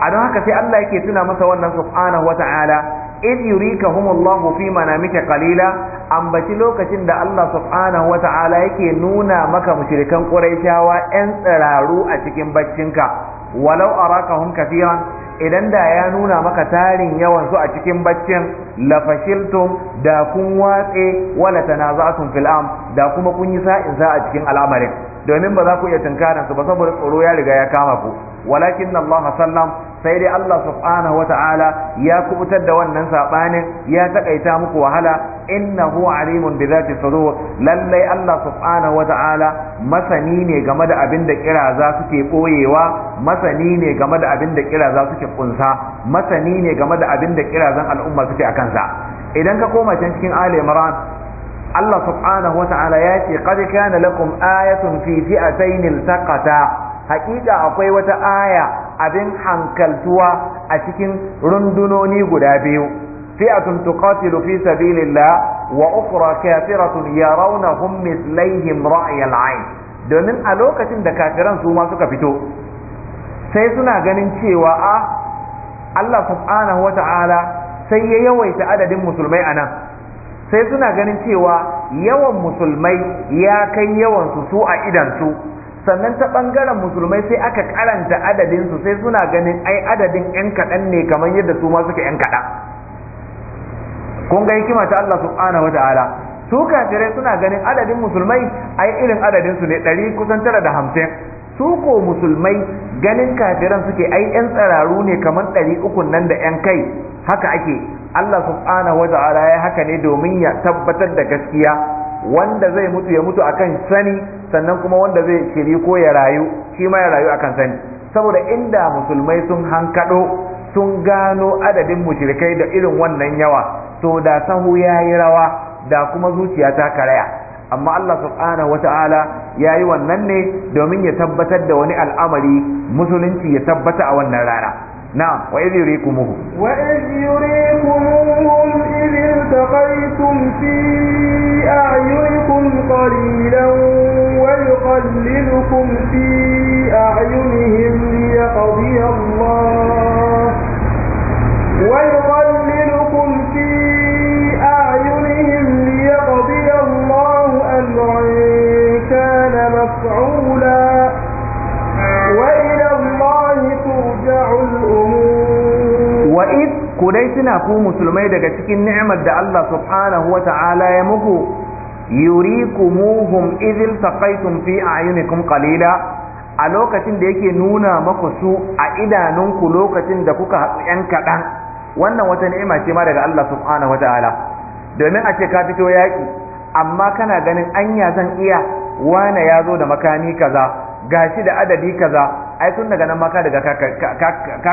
[SPEAKER 1] a don haka sai Allah yake tuna masa wannan subhanahu wa ta'ala id yurikahumullahu fi manamika qalila ambaci lokacin da Allah subhanahu wata'ala yake nuna maka mushrikan quraishawa yan tsiraru a cikin baccinka walau arakahum kathiran idan da ya nuna maka tarin yawan su a cikin baccin fashiltum da kun watse wala tanaza'tum fil am da kuma kun yi sa'in sa a cikin al'amarin domin ba za ku iya tunkaran su ba saboda tsoro ya riga ya kama ku walakin Allah sallam sai dai Allah subhanahu wata'ala ya kubutar da wannan saɓanin ya taƙaita muku wahala innahu alimun bi zati sudur lallai Allah subhanahu wata'ala masani ne game da abin da kiraza suke boyewa masani ne game da abin da kiraza suke kunsa masani ne game da abin da kirazan al'umma suke akan sa idan ka koma can cikin Ali Imran Allah subhanahu wa ta'ala ya ce qad kana lakum ayatun a tainin iltaqata hakika akwai wata aya abin hankaltuwa a cikin rundunoni guda biyu fi'atun tuqatilu fi sabilillah wa ukhra kafiratun yarawnahum mislaihim ra'yal ayn domin a lokacin da kafiran su ma suka fito sai suna ganin cewa a ah, Allah subhanahu wa sai ya yawaita adadin musulmai a nan, sai suna ganin cewa yawan musulmai ya kai yawan su su a idan su sannan ta ɓangaren musulmai sai aka karanta adadinsu sai suna ganin ai adadin 'yan kaɗan ne kamar yadda su ma suke 'yan kaɗa. kun ga hikima ta Allah subhanahu wata'ala su kafirai suna ganin adadin musulmai ai irin adadinsu ne ɗari kusan tara da hamsin su ko musulmai ganin kafiran suke ai 'yan tsararu ne kamar ɗari uku nan da 'yan kai haka ake Allah subhanahu ta'ala ya haka ne domin ya tabbatar da gaskiya wanda zai mutu ya mutu akan sani sannan kuma wanda zai shiri ko ya rayu shi ma ya rayu akan sani saboda inda musulmai sun hankado sun gano adadin mushrikai da irin wannan yawa to da sahu yayi rawa da kuma zuciya ta karaya amma Allah subhanahu wata'ala ya yi wannan ne domin ya tabbatar da wani al'amari musulunci ya tabbata a wannan rana نعم وإذ يريكمه
[SPEAKER 2] وإذ يريكموهم إذ التقيتم في أعينكم قليلا ويقللكم في أعينهم ليقضي الله ويقللكم
[SPEAKER 1] ku dai suna ku musulmai daga cikin ni'imar da Allah subhanahu wa ta'ala ya muku yurikumuhum idhil taqaytum fi a'yunikum qalila a lokacin da yake nuna maku su a idanunku lokacin da kuka haɗu 'yan kaɗan wannan wata ni'ima ce ma daga Allah subhanahu wa ta'ala domin a ce ka fito yaƙi amma kana ganin anya zan iya wane ya zo da makami kaza gashi da adadi kaza ai tun daga nan maka daga ka ka,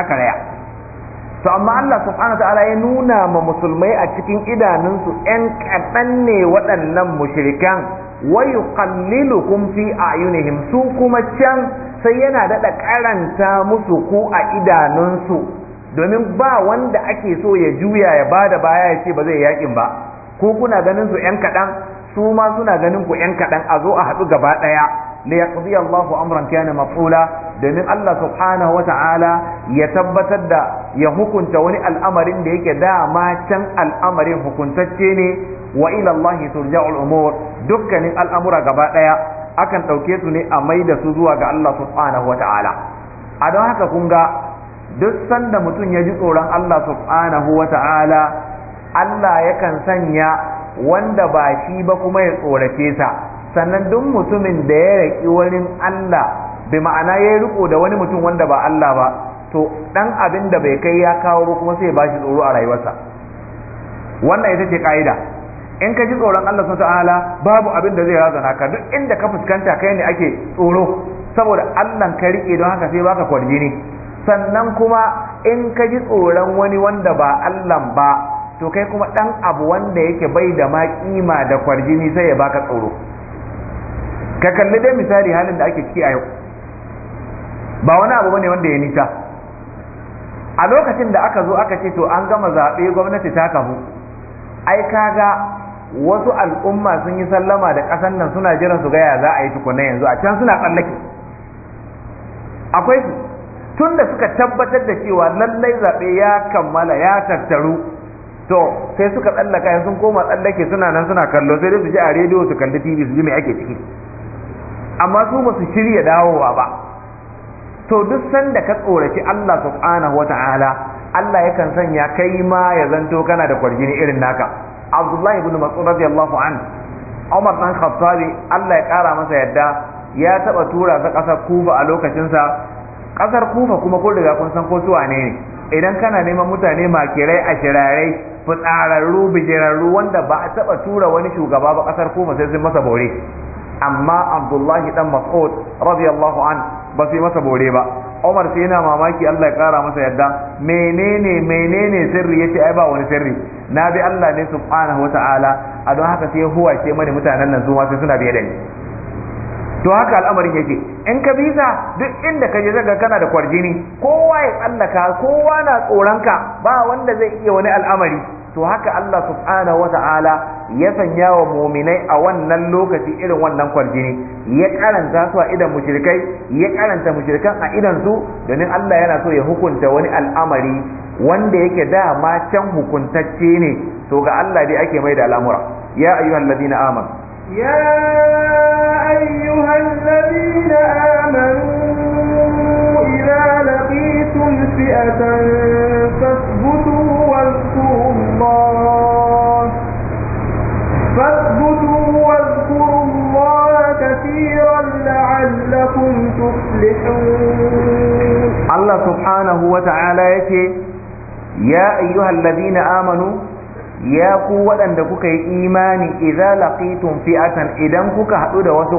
[SPEAKER 1] to amma Allah subhanahu ta'ala ya nuna ma musulmai a cikin idanunsu ƴan kaɗan ne waɗannan mushrikan wa yuqallilukum fi ayunihim su kuma can sai yana daɗa karanta musu ku a idanunsu domin ba wanda ake so ya juya ya ba da baya ya ce ba zai yakin ba ko kuna ganin su ƴan kaɗan su ma suna ganin ku ƴan kaɗan a zo a haɗu gaba ɗaya liyaqdi Allahu amran kana maf'ula domin Allah subhanahu ta'ala ya tabbatar da ya hukunta wani al'amarin da yake dama can al'amarin hukuntacce ne wa ila Allah turja'ul umur dukkanin al'amura gaba daya akan dauke su ne a maida su zuwa ga Allah subhanahu wata'ala a don haka kun ga duk sanda mutum ya ji tsoron Allah subhanahu wata'ala Allah yakan sanya wanda ba shi ba kuma ya tsorace sa sannan duk mutumin da ya raki wani Allah bi ma'ana ya riko da wani mutum wanda ba Allah ba to dan abin da bai kai ya kawo ba kuma sai ya bashi tsoro a rayuwarsa wannan ita ce ka'ida in ka ji tsoron Allah subhanahu ta'ala babu abin da zai razana ka duk inda ka fuskanta kai ne ake tsoro saboda Allah ka rike don haka sai baka ne sannan kuma in ka ji tsoron wani wanda ba Allah ba to kai kuma dan abu wanda yake bai da ma kima da ne sai ya baka tsoro ka kalli dai misali halin da ake ciki a yau ba wani abu bane wanda ya nisa a lokacin da aka zo aka ce to an gama zaɓe gwamnati ta kahu ai kaga wasu al'umma sun yi sallama da ƙasan nan suna jiran su gaya za a yi tukuna yanzu a can suna tsallake akwai su tun suka tabbatar da cewa lallai zaɓe ya kammala ya tattaru to sai suka tsallaka sun koma tsallake suna nan suna kallo sai dai su ji a rediyo su kalli tv su ji mai ake ciki amma su ba su shirya dawowa ba to duk sanda ka tsoraci Allah subhanahu ta'ala Allah yakan sanya kai ma ya zanto kana da kwarjini irin naka Abdullahi ibn Mas'ud radiyallahu an Umar dan Khattab Allah ya kara masa yadda ya taba tura sa kasar Kufa a lokacin sa kasar Kufa kuma ko riga kun san ko su wane ne idan kana neman mutane makirai a shirarai fitsararru bijirarru wanda ba a taba tura wani shugaba ba kasar Kufa sai sun masa bore amma Abdullahi dan Mas'ud radiyallahu an ba su yi masa bore ba Umar sai yana mamaki Allah ya kara masa yadda menene menene sirri yace ai ba wani sirri na bi Allah ne su subhanahu wataala a don haka sai huwa ke mani mutanen nan zuwa sai suna biye da ni to haka al'amarin yake in ka bisa duk inda ka je zaga kana da kwarjini kowa ya tsallaka kowa na tsoronka ba wanda zai iya wani al'amari to haka Allah subhanahu ta'ala ya sanya wa muminai a wannan lokaci irin wannan kwarjini ya karanta su a idan mushrikai ya karanta mushrikan a idan su domin Allah yana so ya hukunta wani al'amari wanda yake dama can hukuntacce ne to ga Allah dai ake mai da al'amura ya ayyuhal ladina amanu
[SPEAKER 2] ya ayyuhal ladina amanu إِذَا لقيتم فئة فاثبتوا واذكروا الله فاثبتوا واذكروا الله كثيرا لعلكم تفلحون
[SPEAKER 1] الله سبحانه وتعالى يكي يا أيها الذين آمنوا ya ku waɗanda kuka yi imani idza laqitum fi'atan idan kuka haɗu da wasu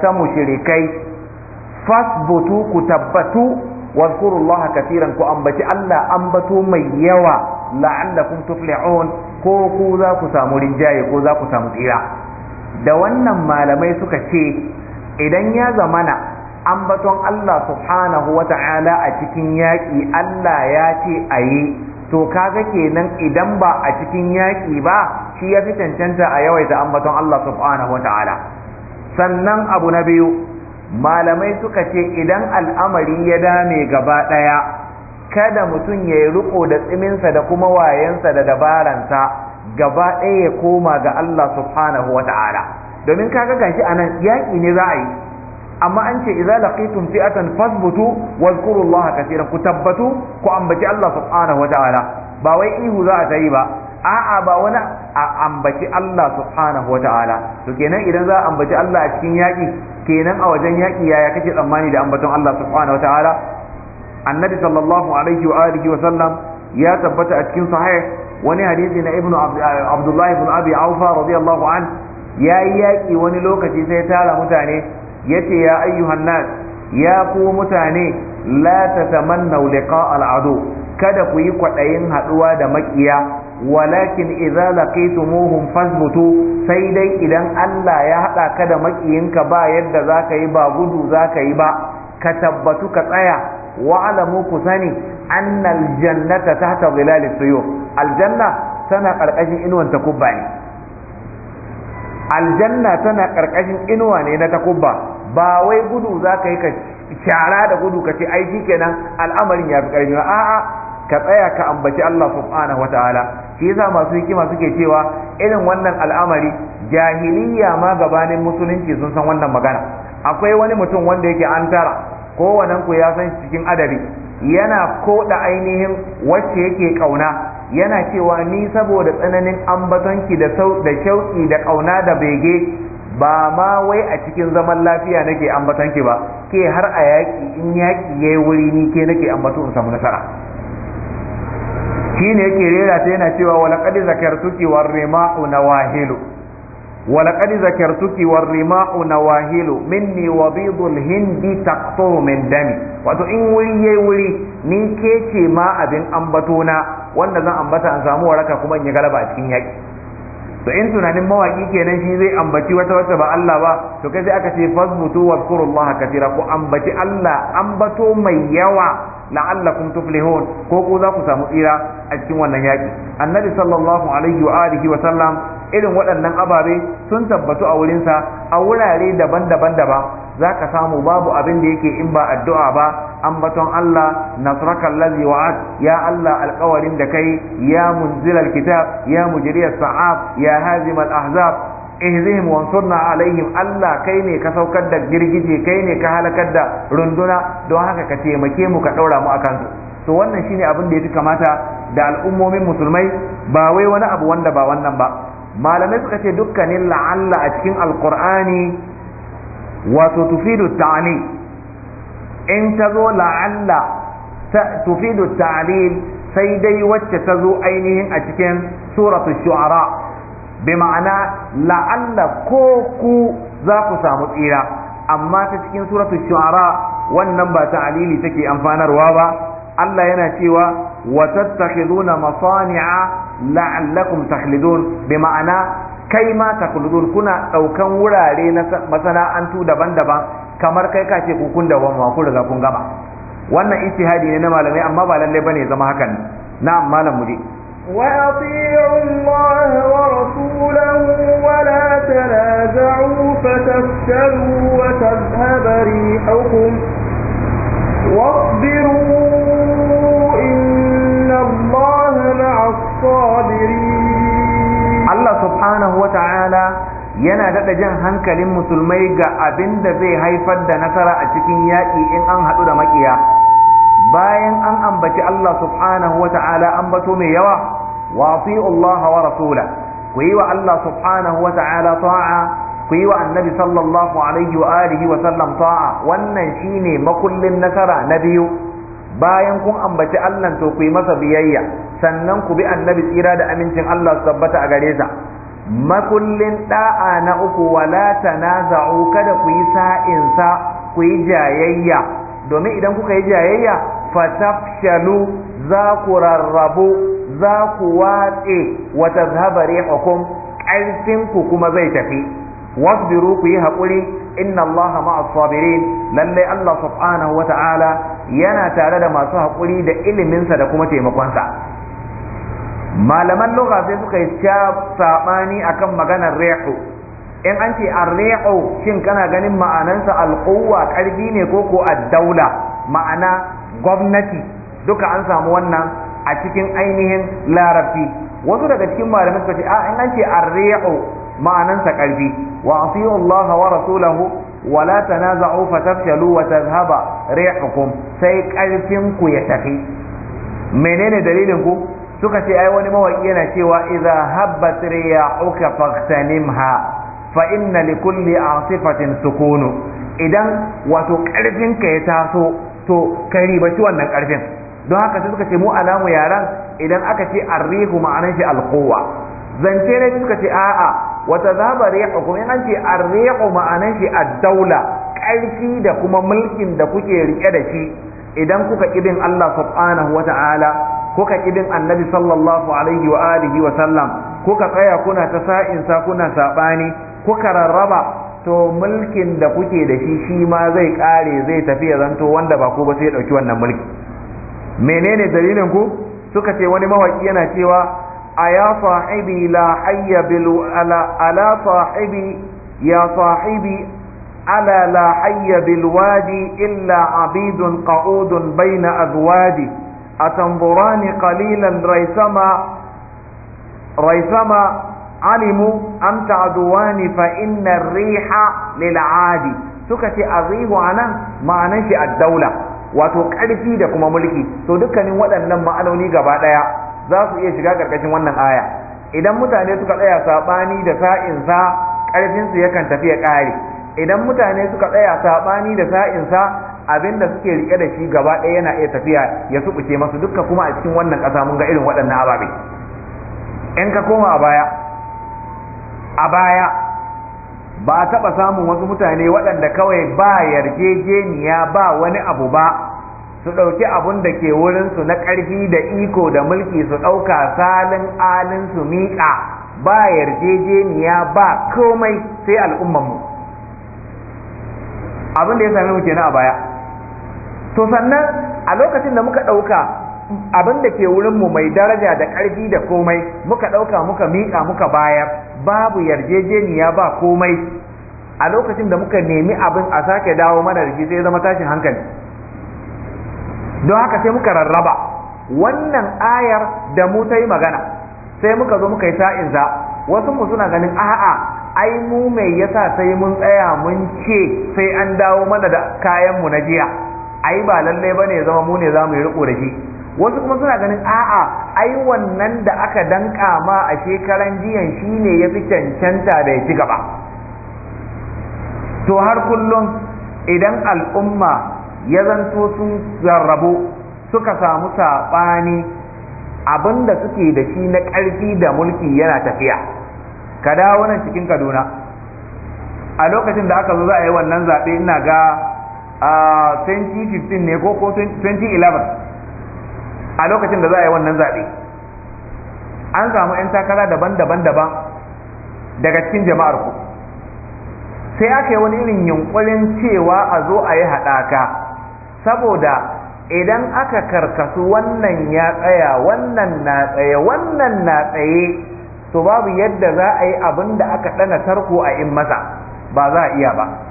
[SPEAKER 1] ta mushrikai fasbutu ku tabbatu wadhkurullaha katiran ku ambaci Allah ambato mai yawa la'allakum tuflihun ko ku za ku samu rinjaye ko za ku samu tsira da wannan malamai suka ce idan ya zamana ambaton Allah subhanahu wa ta'ala a cikin yaƙi Allah ya ce a yi to kaga kenan idan ba a cikin yaƙi ba shi ya fi cancanta a yawaita ambaton Allah subhanahu wa ta'ala sannan abu na biyu malamai suka ce idan al'amari ya dame gaba ɗaya kada mutum ya yi riko da tsiminsa da kuma wayensa da dabaransa gaba ɗaya ya koma ga Allah subhanahu wa ta'ala domin kaga gashi anan yaƙi ne za a yi amma an ce idza laqitum fi'atan fasbutu wazkuru Allah ku tabbatu ku ambaci Allah subhanahu wa ta'ala ba wai ihu za a ta ba a'a ba wani a ambaci Allah subhanahu wa ta'ala to kenan idan za a ambaci Allah a cikin yaƙi kenan a wajen yaƙi yaya kake tsammani da ambaton Allah subhanahu wa ta'ala annabi sallallahu alaihi wa alihi wa sallam ya tabbata a cikin sahih wani hadisi na ibnu eh, abdullahi ibn abi aufa radiyallahu an yayi yaƙi wani lokaci sai tara mutane yace ya ayyuhan nas ya ku mutane la tatamannu liqa al'adu kada ku yi kwaɗayin haɗuwa da maƙiya. walakin idza laqitumuhum fasbutu sai dai idan Allah ya hada ka da makiyinka ba yadda zaka yi ba gudu zaka yi ba ka tabbatu ka tsaya wa alamu ku sani annal jannata tahta zilalis suyuf aljanna tana karkashin inuwan takubba ne aljanna tana karkashin inuwa ne na takubba ba wai gudu za ka yi ka shara da gudu ka ce ai kenan al'amarin ya fi karfi a'a ka tsaya ka ambaci Allah subhanahu wataala shi yasa masu hikima suke cewa irin wannan al'amari jahiliya ma gabanin musulunci sun san wannan magana akwai wani mutum wanda yake Antara, tara kowannen ku ya san cikin adabi yana koda ainihin wacce yake kauna yana cewa ni saboda tsananin ambatonki da sau da shauki da kauna da bege ba ma wai a cikin zaman lafiya nake ambatonki ba ke har a yaƙi in yaki yayi wuri ni ke nake ambato in samu nasara shine yake rera ta yana cewa wala qad zakartuki war rima'u nawahilu wala qad zakartuki war rima'u nawahilu minni wabidul hindi taqtu min dami wato in wuri yayi wuri ni ke ma abin ambato na wanda zan ambata an samu waraka kuma in yi galaba a cikin yaki to in tunanin mawaki kenan shi zai ambaci wata wata ba Allah ba to kai sai aka ce fazbutu wazkurullaha katira ku ambaci Allah ambato mai yawa la'allakum tuflihun ko ku za ku samu tsira a cikin wannan yaki annabi sallallahu alaihi wa alihi wa sallam irin waɗannan ababe sun tabbatu a wurinsa a wurare daban-daban daban za ka samu babu abin da yake in ba addu'a ba ambaton Allah nasraka allazi wa'ad ya Allah alƙawarin da kai ya muzilar kitab. ya mujriyas sa'ab ya hazima ahzab ihdihim wansurna alaihim Allah kai ne ka saukar da girgije kai ne ka halakar da runduna don haka ka taimake mu ka ɗaura mu akan su to wannan shine abin da ya kamata da al'ummomin musulmai ba wai wani abu wanda ba wannan ba malamai suka ce dukkanin la'alla a cikin alqur'ani wato tufidu ta'lil in ta zo la'alla tufidu ta'lil sai dai wacce ta zo ainihin a cikin suratu shu'ara bi ma'ana la'alla ko ku za ku samu tsira amma ta cikin suratu shu'ara wannan ba ta'lili take amfanarwa ba Allah yana cewa wa tattakhiduna masani'a la'allakum takhlidun bi ma'ana kai ma ta kuludun kuna ɗaukan wurare na masana'antu daban-daban kamar kai ka ce ku kun da wamma ku riga kun gama wannan ijtihadi ne na malamai amma ba lalle bane zama hakan na'am malam muje
[SPEAKER 2] وأطيعوا الله ورسوله ولا تنازعوا فتفشلوا وتذهب ريحكم واصبروا إن الله مع الصابرين
[SPEAKER 1] subhanahu wa ta'ala yana daɗa jan hankalin musulmai ga abin da zai haifar da nasara a cikin yaƙi in an haɗu da maƙiya bayan an ambaci Allah subhanahu wa ta'ala ambato mai yawa wasi'u Allah wa rasula ku yi wa Allah subhanahu wa ta'ala ta'a ku yi wa annabi sallallahu alaihi wa alihi wa sallam ta'a wannan shine makullin nasara na biyu bayan kun ambaci Allah to ku yi masa biyayya sannan ku bi annabi tsira da amincin Allah su tabbata a gare sa makullin da'a na uku wala tanaza'u kada ku yi sa'insa ku yi jayayya domin idan kuka yi jayayya fatafshalu za ku rarrabu za ku watse wa tazhaba rihukum ƙarfin ku kuma zai tafi wasbiru ku yi haƙuri inna Allah ma'as sabirin lalle Allah subhanahu Ta'ala, yana tare da masu haƙuri da iliminsa da kuma taimakonsa malaman lugha sai suka yi saɓani akan maganar rihu in an ce ar-rihu shin kana ganin ma'anansa al-quwwa karfi ne ko ko ad-daula ma'ana gwamnati duka an samu wannan a cikin ainihin larabci wasu daga cikin malaman suka ce a in an ce ar-rihu ma'anansa karfi wa asiyu Allah wa rasulahu wa la tanaza'u fatafshalu wa tadhhaba rihukum sai karfin ku ya tafi menene dalilin ku suka ce ai wani mawaki yana cewa idza habbat riyahuka fagtanimha fa inna likulli asifatin sukunu idan wato karfin ka ya taso to ka ribaci wannan karfin don haka sai suka ce mu alamu yaran idan aka ce arrihu ma'anar shi alquwa zance ne suka ce a'a wata zaba rihukum in an ce arrihu ma'anar shi ad-daula ƙarfi da kuma mulkin da kuke rike da shi idan kuka kibin Allah subhanahu wa ta'ala kuka kidin annabi sallallahu alaihi wa alihi wa sallam kuka tsaya kuna ta sa'insa kuna saɓani kuka rarraba to mulkin da kuke da shi shi ma zai ƙare zai tafi ya zanto wanda ba ku ba sai ɗauki wannan mulki menene dalilin ku suka ce wani mawaki yana cewa a ya sahibi la hayya bil ala ala sahibi ya sahibi ala la hayya bil wadi illa abidun qa'udun baina azwadi Raisama أتنظران قليلا ريثما ريثما علموا أم riha فإن الريح للعادي سكتي الريح nan shi a daula, wato ƙarfi da kuma mulki to dukkanin waɗannan ma'anoni gaba ɗaya za su iya shiga ƙarƙashin wannan aya idan mutane suka tsaya saɓani da sa'insa ƙarfinsu yakan tafi ya ƙare idan mutane suka tsaya saɓani da sa'insa Abin da suke rike da shi gaba ɗaya yana iya tafiya ya subuce masu dukka kuma a cikin wannan ƙasa mun ga irin waɗannan ababe in ka koma a baya a baya ba a taɓa samun wasu mutane waɗanda kawai ba yarjejeniya ba wani abu ba su ɗauki abun da ke wurinsu na ƙarfi da iko da mulki su ɗauka salin alin su miƙa ba yarjejeniya ba komai sai al'ummanmu abin da ya same mu kenan a baya to sannan a lokacin da muka ɗauka abin da ke wurinmu mai daraja da ƙarfi da komai muka ɗauka muka miƙa muka bayar babu yarjejeniya ba komai a lokacin da muka nemi abin a sake dawo mana rigi sai zama tashin hankali don haka sai muka rarraba wannan ayar da mu ta yi magana sai muka zo muka yi sa'insa wasu mu suna ganin a'a ai mu mai yasa sai mun tsaya mun ce sai an dawo mana da kayan mu na jiya ai ba lallai bane ya zama mu ne zamu yi riko da shi wasu kuma suna ganin a'a ai wannan da aka danka ma a shekaran jiyan shine ya fi cancanta da ya ci gaba to har kullum idan al'umma ya zanto sun zarrabo suka samu saɓani abinda suke da shi na ƙarfi da mulki yana tafiya ka dawo nan cikin kaduna a lokacin da aka zo za a yi wannan zaɓe ina ga a 2015 ne ko 2011 a lokacin da za a yi wannan zaɓe an samu 'yan takara daban-daban daban daga cikin jama'ar ku sai aka yi wani irin yunkurin cewa a zo a yi haɗaka saboda idan aka karkasu wannan ya tsaya wannan na tsaye wannan na tsaye to babu yadda za a yi abin da aka ɗana tarko a in masa ba za a iya ba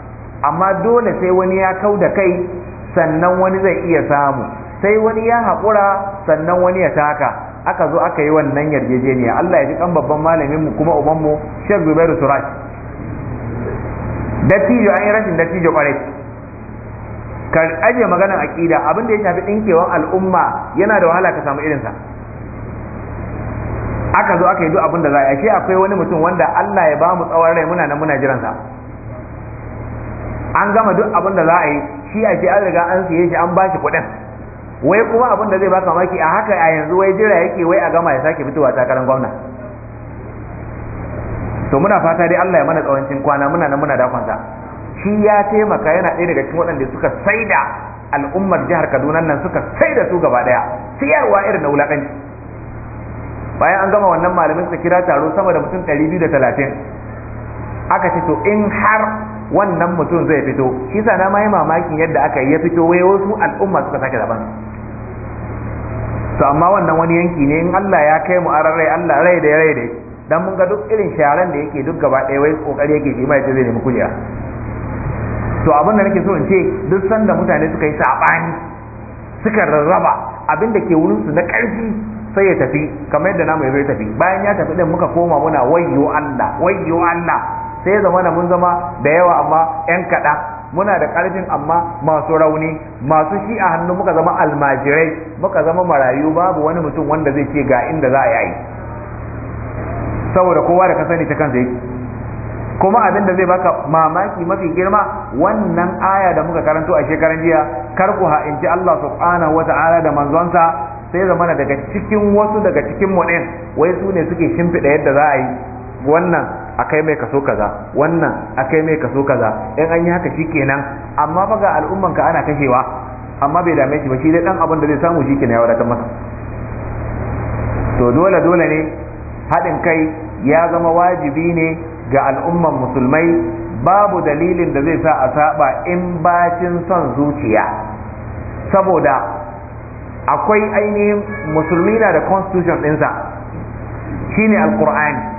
[SPEAKER 1] amma dole sai wani ya kau da kai sannan wani zai iya samu sai wani ya haƙura sannan wani ya taka aka zo aka yi wannan yarjejeniya Allah ya ji kan babban malamin mu kuma uban mu Sheikh Zubair dattijo an yi rashin dattijo kwarai ka aje maganar aqida abin da ya shafi dinkewan al'umma yana da wahala ka samu sa aka zo aka yi duk abin da za a yi ashe akwai wani mutum wanda Allah ya ba mu tsawon rai muna nan muna jiransa an gama duk abin da za a yi shi a ce an riga an siye shi an ba shi kuɗin wai kuma abin da zai baka maki a haka a yanzu wai jira yake wai a gama ya sake fitowa takarar gwamna to muna fata dai Allah ya mana tsawancin kwana muna nan muna dakonsa shi ya taimaka yana ɗaya daga cikin waɗanda suka saida al'ummar jihar Kaduna nan suka saida su gaba ɗaya siyarwa irin na wulaƙanci bayan an gama wannan malamin su kira taro sama da mutum ɗari biyu da talatin aka ce to in har wannan mutum zai fito shi sa na mai mamakin yadda aka yi ya fito wai wasu al'umma suka sake daban to amma wannan wani yanki ne in Allah ya kai mu aran rai Allah rai da rai da dan mun ga duk irin sharan da yake duk gaba ɗaya wai kokari yake shi mai zai nemi kujera to abin da nake so in ce duk sanda mutane suka yi sabani suka rarraba abin da ke wurin su na ƙarfi sai ya tafi kamar yadda namu ya tafi bayan ya tafi din muka koma muna wayyo Allah wayyo Allah sai zama na mun zama da yawa amma yan kaɗa muna da ƙarfin amma masu rauni masu shi a hannu muka zama almajirai muka zama marayu babu wani mutum wanda zai ce ga inda za a yi saboda kowa da ka sani ta kansa yake kuma abin da zai baka mamaki mafi girma wannan aya da muka karanto a shekaran jiya kar ku ha'inci Allah subhanahu wata'ala da manzonsa sai zamana daga cikin wasu daga cikin mu wai su ne suke shimfiɗa yadda za a yi wannan akai mai kaso kaza wannan akai mai kaso kaza in an yi haka shikenan amma baga al'umman ka ana kashewa amma bai dame shi ba shi dai dan abin da zai samu shikenan ya wadatar masa to dole dole ne haɗin kai ya zama wajibi ne ga al'umman musulmai babu dalilin da zai sa a saba in bacin son zuciya saboda akwai ainihin musulmi na da constitution ɗinsa shine alkur'ani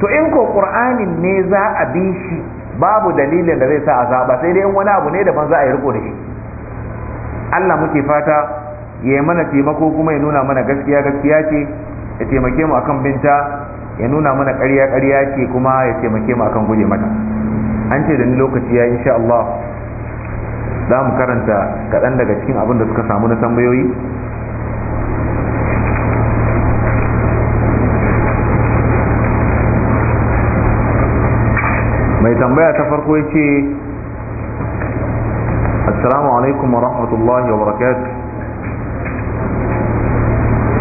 [SPEAKER 1] to in ko qur'anin ne za a bi shi babu dalilin da zai sa a zaɓa sai dai in wani abu ne daban za a yi riko da shi Allah muke fata ya yi mana taimako kuma ya nuna mana gaskiya gaskiya ce ya taimake mu akan binta ya nuna mana ƙarya ƙarya ce kuma ya taimake mu akan guje mata an ce da ni lokaci ya insha Allah za mu karanta kaɗan daga cikin abin da suka samu na tambayoyi mai tambaya ta farko ya ce assalamu alaikum wa rahmatullahi wa barakatu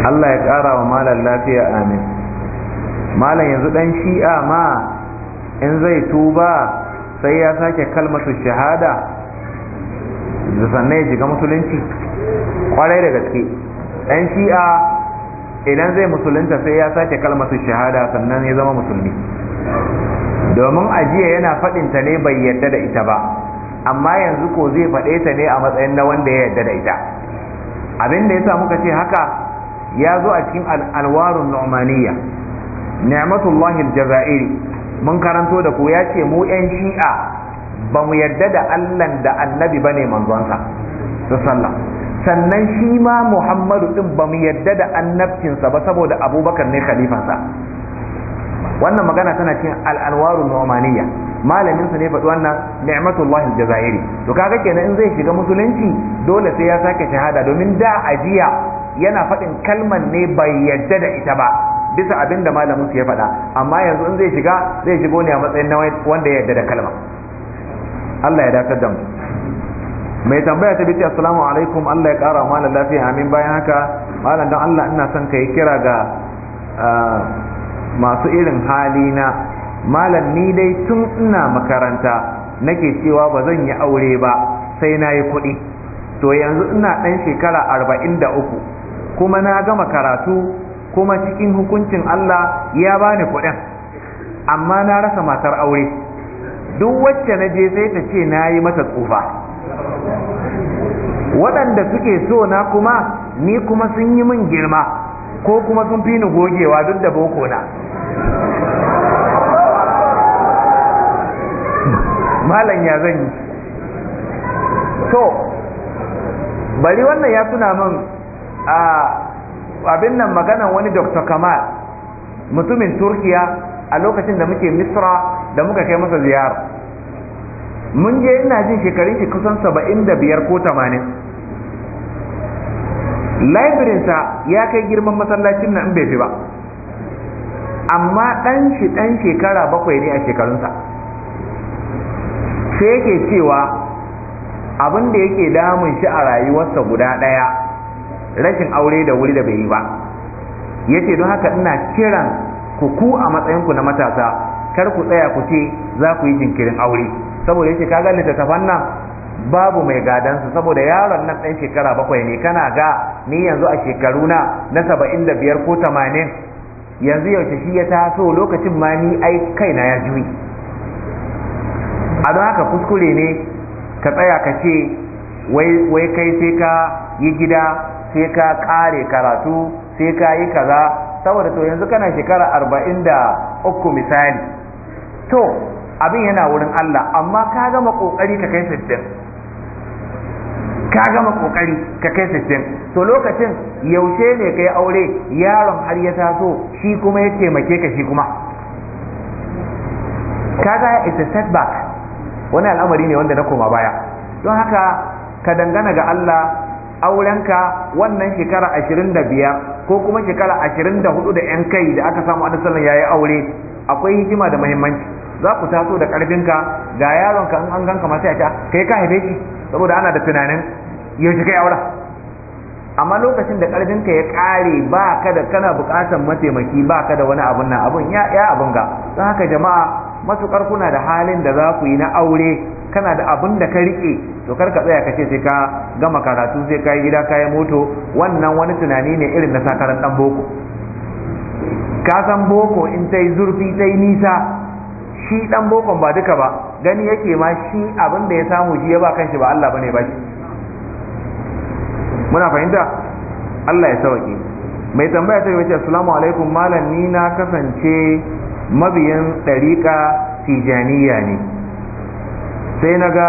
[SPEAKER 1] Allah ya kara wa malar lafiya amin malam yanzu dan shi'a ma in zai tuba sai ya sake kalmatu shahada da sannan ya shiga musulunci kwarai da gaske dan shi'a idan zai musulunta sai ya sake kalmatu shahada sannan ya zama musulmi domin ajiya yana faɗin ta ne bai yarda da ita ba amma yanzu ko zai faɗe ta ne a matsayin na wanda ya yarda da ita abin da yasa muka ce haka ya zo a cikin alwarun nu'maniyya ni'matullahi aljazairi mun karanto da ku ya ce mu yan shi'a ba mu yarda da allan da annabi bane manzonsa sallallahu sannan shi ma muhammadu din ba mu yarda da annabcinsa ba saboda abubakar ne khalifansa wannan magana tana cikin al-anwarul malamin sa ne faɗi wannan ni'matullahi al-jazairi to kaga kenan in zai shiga musulunci dole sai ya sake shahada domin da ajiya yana faɗin kalman ne bai yadda da ita ba bisa abin da malamin sa ya faɗa amma yanzu in zai shiga zai shigo ne a matsayin na wanda ya yadda da kalma Allah ya dakatar da mu mai tambaya ta bice assalamu alaikum Allah ya kara malam lafiya amin bayan haka malam dan Allah ina son kai kira ga ah, masu irin halina malam ni dai tun ina makaranta nake cewa ba zan yi aure ba sai na yi kuɗi to yanzu ina ɗan shekara arba'in da uku kuma na gama karatu kuma cikin hukuncin Allah ya bani kuɗin amma na rasa matar aure duk wacce na je sai ta ce na yi mata tsufa waɗanda suke so na kuma ni kuma sun yi min girma ko kuma sun fi ni gogewa duk da boko na malam ya zan yi to bari wannan ya tuna min a abin nan maganan wani dr kamal mutumin turkiya a lokacin da muke misra da muka kai masa ziyara mun je ina jin shekarun shi kusan saba'in da biyar ko tamanin laibirinsa ya kai girman masallacin nan bai fi ba amma ɗan shi ɗan shekara bakwai ne a shekarunsa sai yake cewa abin da yake damun shi a rayuwarsa guda ɗaya rashin aure da wuri da bai yi ba yace don haka ina kiran ku ku a matsayinku na matasa kar ku tsaya ku ce za ku yi jinkirin aure saboda yace kaga littattafan nan babu mai gadansu saboda yaron nan ɗan shekara bakwai ne kana ga ni yanzu a shekaru na saba'in da biyar ko tamanin yanzu yaushe shi ya taso lokacin ma ni ai kaina ya juyi a don haka kuskure ne ka tsaya ka ce wai kai sai ka yi gida sai ka kare karatu sai ka yi kaza saboda to yanzu kana shekara arba'in da uku misali to abin yana wurin Allah amma ka gama ƙoƙari ka kai sittin ka gama kokari ka kai sittin to lokacin yaushe ne ka yi aure yaron har ya taso shi kuma ya taimake ka shi kuma kaga it's a setback wani al'amari ne wanda na koma baya don haka ka dangana ga Allah aurenka wannan shekara ashirin da ko kuma shekara ashirin da hudu da yan kai da aka samu ya yayi aure akwai hikima da muhimmanci za ku taso da karfinka ga yaronka in an ganka ya ta ah, kai ka haife shi saboda ana da tunanin yaushe kai aura amma lokacin da ƙarfinka ya ƙare ba ka da kana buƙatar mataimaki ba ka da wani abun nan abun ya ya abun ga don haka jama'a matuƙar kuna da halin da za ku yi na aure kana da abun da ka riƙe to kar ka tsaya ka ce sai ka gama karatu sai ka yi gida ka yi moto wannan wani tunani ne irin na sakaran ɗan boko ka san boko in ta zurfi ta nisa shi ɗan bokon ba duka ba gani yake ma shi abin da ya samu ji ya ba kanshi ba Allah bane ba shi muna fahimta Allah ya sauke mai tambaya ta wace assalamu alaikum malam ni na kasance mabiyan ɗariƙa tijaniya ne sai na ga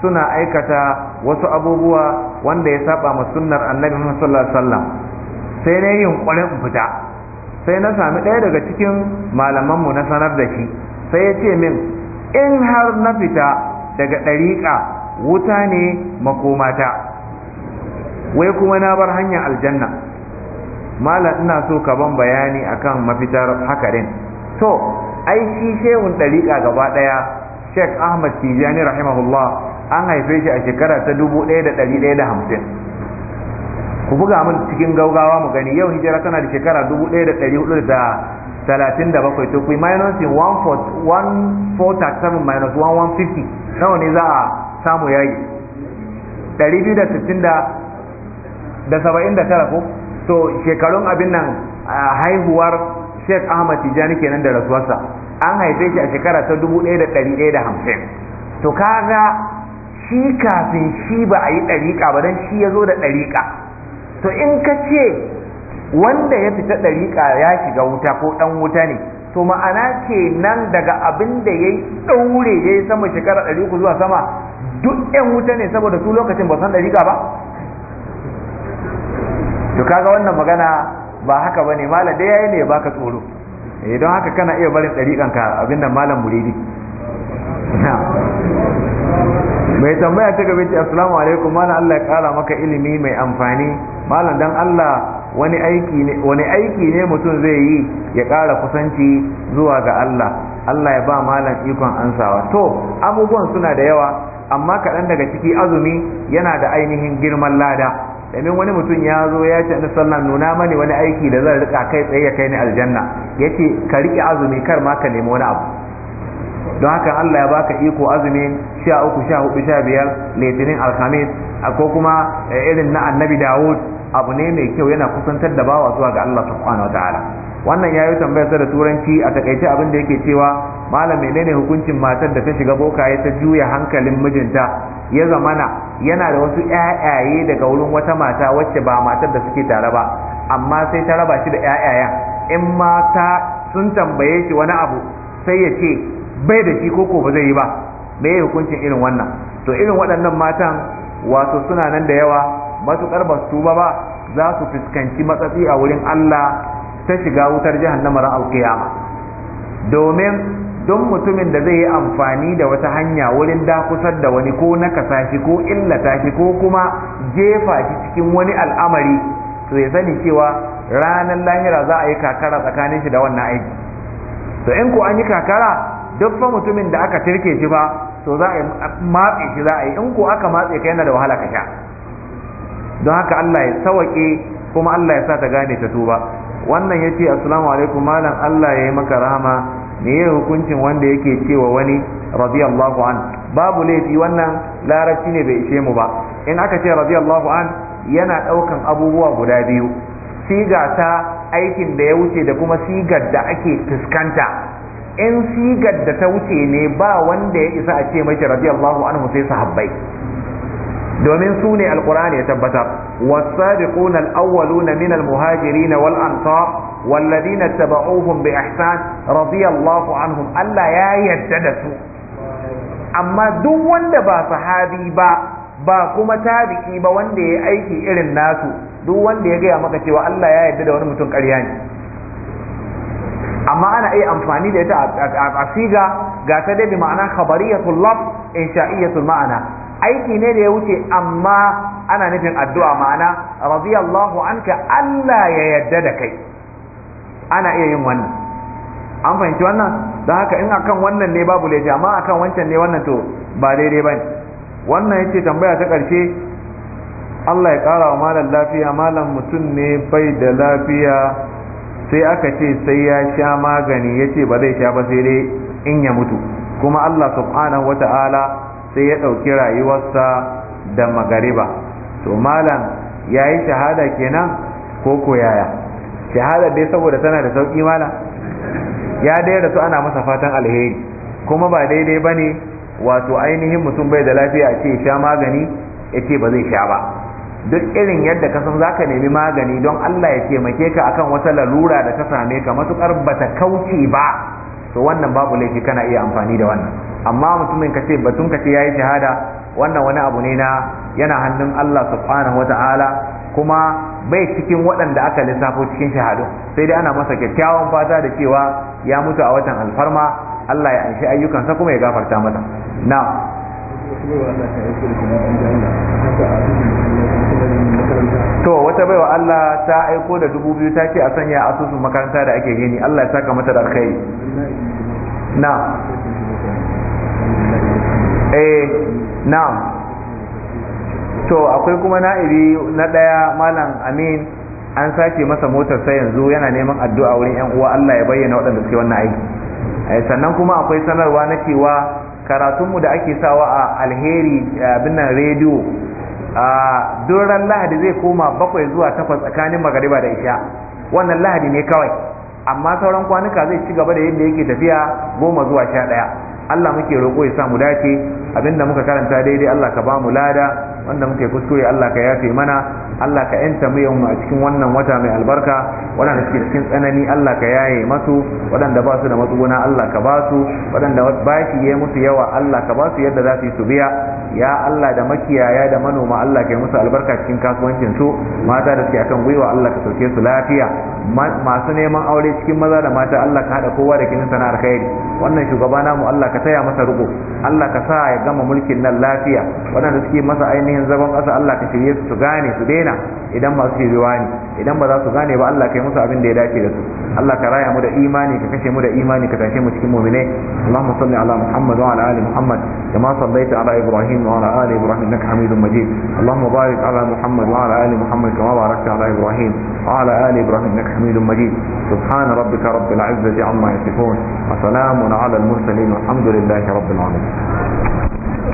[SPEAKER 1] suna aikata wasu abubuwa wanda ya saba ma sunnar annabi Muhammad sallallahu alaihi wasallam sai na yi yunƙurin fita sai na sami ɗaya daga cikin malamanmu na sanar da shi sai ya ce min in har na fita daga ɗariƙa wuta ne makomata wai kuma na bar hanyar aljanna mala ina so ka ban bayani akan mafitar haka hakarin to ai shi shehun ɗariƙa gaba ɗaya sheikh ahmad tijani rahimahullah an haife shi a shekara ta dubu ku buga min cikin gaugawa mu gani yau hijira tana da shekara dubu da talatin da bakwai to ku minusin 147 minus 1150 nawa ne za a samu yayi 260 da 79 ko to shekarun abin nan haihuwar Sheikh Ahmad Tijani kenan da rasuwarsa an haife shi a shekara ta 1150 to kaga shi kafin shi ba a yi ɗariƙa ba don shi ya zo da ɗariƙa to in ka ce wanda ya fita ɗariƙa ya shiga wuta ko ɗan wuta ne to ma'ana kenan daga abin da ya yi ɗaure ya yi sama shekara ɗari uku zuwa sama duk ƴan wuta ne saboda su lokacin ba san ɗariƙa ba to kaga wannan magana ba haka ba ne malam dai yayi ne baka tsoro eh don haka kana iya barin ɗariƙan ka abin da malam muridi mai tambaya ta gabe ce assalamu alaikum malam Allah ya kara maka ilimi mai amfani malam dan Allah wani aiki ne mutum zai yi ya ƙara kusanci zuwa ga Allah Allah ya ba malam ikon ansawa to abubuwan suna da yawa amma kaɗan daga ciki azumi yana da ainihin girman lada domin wani mutum ya zo ya ce ni sallan nuna mani wani aiki da zan rika kai tsaye ya kai ni aljanna yace ka riƙe azumi kar ma ka nemi wani abu don haka Allah ya baka iko azumi sha uku sha hudu sha biyar litinin alhamis ko kuma eh, irin na annabi dawud abu ne mai kyau yana kusantar da bawa zuwa ga Allah subhanahu ta'ala wannan yayi tambayar sa da turanci a takaice abin da yake cewa malam menene hukuncin matar da ta shiga bokaye ta juya hankalin mijinta ya zamana yana da wasu ƴaƴaye daga wurin wata mata wacce ba matar da suke tare ba amma sai ta raba shi da ƴaƴayen in mata sun tambaye shi wani abu sai ya ce bai da shi koko ba zai yi ba me hukuncin irin wannan to irin waɗannan matan wato suna nan da yawa matuƙar ba su ba za su fuskanci matsatsi a wurin Allah ta shiga wutar jahannama mara alƙiyama domin don mutumin da zai yi amfani da wata hanya wurin dakusar da wani ko na shi ko illata shi ko kuma jefa shi cikin wani al'amari to ya sani cewa ranar lahira za a yi kakara tsakanin shi da wannan aiki to in ko an yi kakara duk fa mutumin da aka tirke shi ba to za a yi matse shi za a yi in ko aka matse ka yana da wahala ka sha don haka Allah ya sawake kuma Allah ya sa ta gane ta tuba wannan ya ce assalamu alaikum malam Allah ya yi maka rahama me ya hukuncin wanda yake cewa wani radiyallahu an babu laifi wannan larabci ne bai ishe mu ba in aka ce radiyallahu an yana ɗaukan abubuwa guda biyu siga ta aikin da ya wuce da kuma sigar da ake fuskanta in sigar da ta wuce ne ba wanda ya isa a ce mai radiyallahu anhu sai sahabbai domin su ne alkur'ani ya tabbatar wasabiqun na min almuhajirin wal ansar walladina tabauhum bi ihsan radiyallahu anhum Allah ya yarda da su amma duk wanda ba sahabi ba ba kuma tabi'i ba wanda ya aiki irin nasu duk wanda ya gaya maka cewa Allah ya yarda da wani mutum ƙarya ne amma ana iya amfani da ita a siga ga ta dai bi ma'ana khabariyatul laf insha'iyatul ma'ana aiki ne da ya wuce amma ana nufin addu'a ma'ana radiyallahu anka Allah ya yarda da kai ana iya yin wannan an fahimci wannan don haka in akan wannan ne babu laifi amma akan wancan ne wannan to ba daidai bane wannan yace tambaya ta karshe Allah ya kara wa malam lafiya malam mutum ne bai da lafiya sai aka ce sai ya sha magani yace ba zai sha ba sai dai in ya mutu kuma Allah subhanahu wata'ala sai ya ɗauki rayuwarsa da magariba to malam ya yi shahada kenan ko ko yaya shahada dai saboda tana da sauƙi malam ya dai su ana masa fatan alheri kuma ba daidai ba ne wato ainihin mutum bai da lafiya ce sha magani ya ce ba zai sha ba duk irin yadda ka san zaka nemi magani don Allah ya taimake ka akan wata lalura da ka same ka matukar bata kauce ba to wannan babu laifi kana iya amfani da wannan amma mutumin ka kace batun kace yayi shahada wannan wani abu ne na yana hannun Allah subhanahu wataala kuma bai cikin waɗanda aka lissafo cikin shahadu sai dai ana masa kyakkyawan fata da cewa ya mutu a watan alfarma Allah ya anshi ayyukansa kuma ya gafarta masa na'am to wata baiwa Allah ta aiko da dubu biyu ta ce a sanya asusun makaranta da ake gini Allah ya saka mata da alkhairi na eh na to akwai kuma na'iri na daya malam amin an sace masa motar sai yanzu yana neman addu'a wurin yan uwa Allah ya bayyana waɗanda suke wannan aiki eh, sannan kuma akwai sanarwa na cewa karatunmu da ake sawa a alheri binan rediyo a ran lahadi zai koma bakwai zuwa takwas tsakanin magariba da isha wannan lahadi ne kawai amma sauran kwanuka zai ci gaba da yadda yake tafiya goma zuwa sha ɗaya allah muke roƙo ya sa mu dace abinda muka karanta daidai allah ka ba mu lada wanda muke kuskure Allah ka yafe mana Allah ka yanta mu yau a cikin wannan wata mai albarka waɗanda suke cikin tsanani Allah ka yaye masu waɗanda ba su da matsuguna Allah ka ba su waɗanda shi ya musu yawa Allah ka ba su yadda za su yi su biya ya Allah da makiyaya da manoma Allah ka yi musu albarka cikin kasuwancin su mata da suke akan gwiwa Allah ka sauke su lafiya masu neman aure cikin maza da mata Allah ka haɗa kowa da kinin sana'ar khairi wannan shugaba namu Allah ka taya masa riko Allah ka sa ya gama mulkin nan lafiya waɗanda suke masa ainihin ainihin zagon ƙasa Allah ta shirye su su gane su daina idan ba masu shiriwa ne idan ba za su gane ba Allah ka musu abin da ya dace da su Allah ka raya mu da imani ka kashe mu da imani ka tashe mu cikin mu'minai Allahumma salli ala Muhammad wa ala ali Muhammad kama sallaita ala Ibrahim wa ala ali Ibrahim innaka Hamidum Majid Allahumma barik ala Muhammad wa ala ali Muhammad kama barakta ala Ibrahim wa ala ali Ibrahim innaka Hamidum Majid سبحان ربك رب العزة عما يصفون وسلام على المرسلين والحمد لله رب العالمين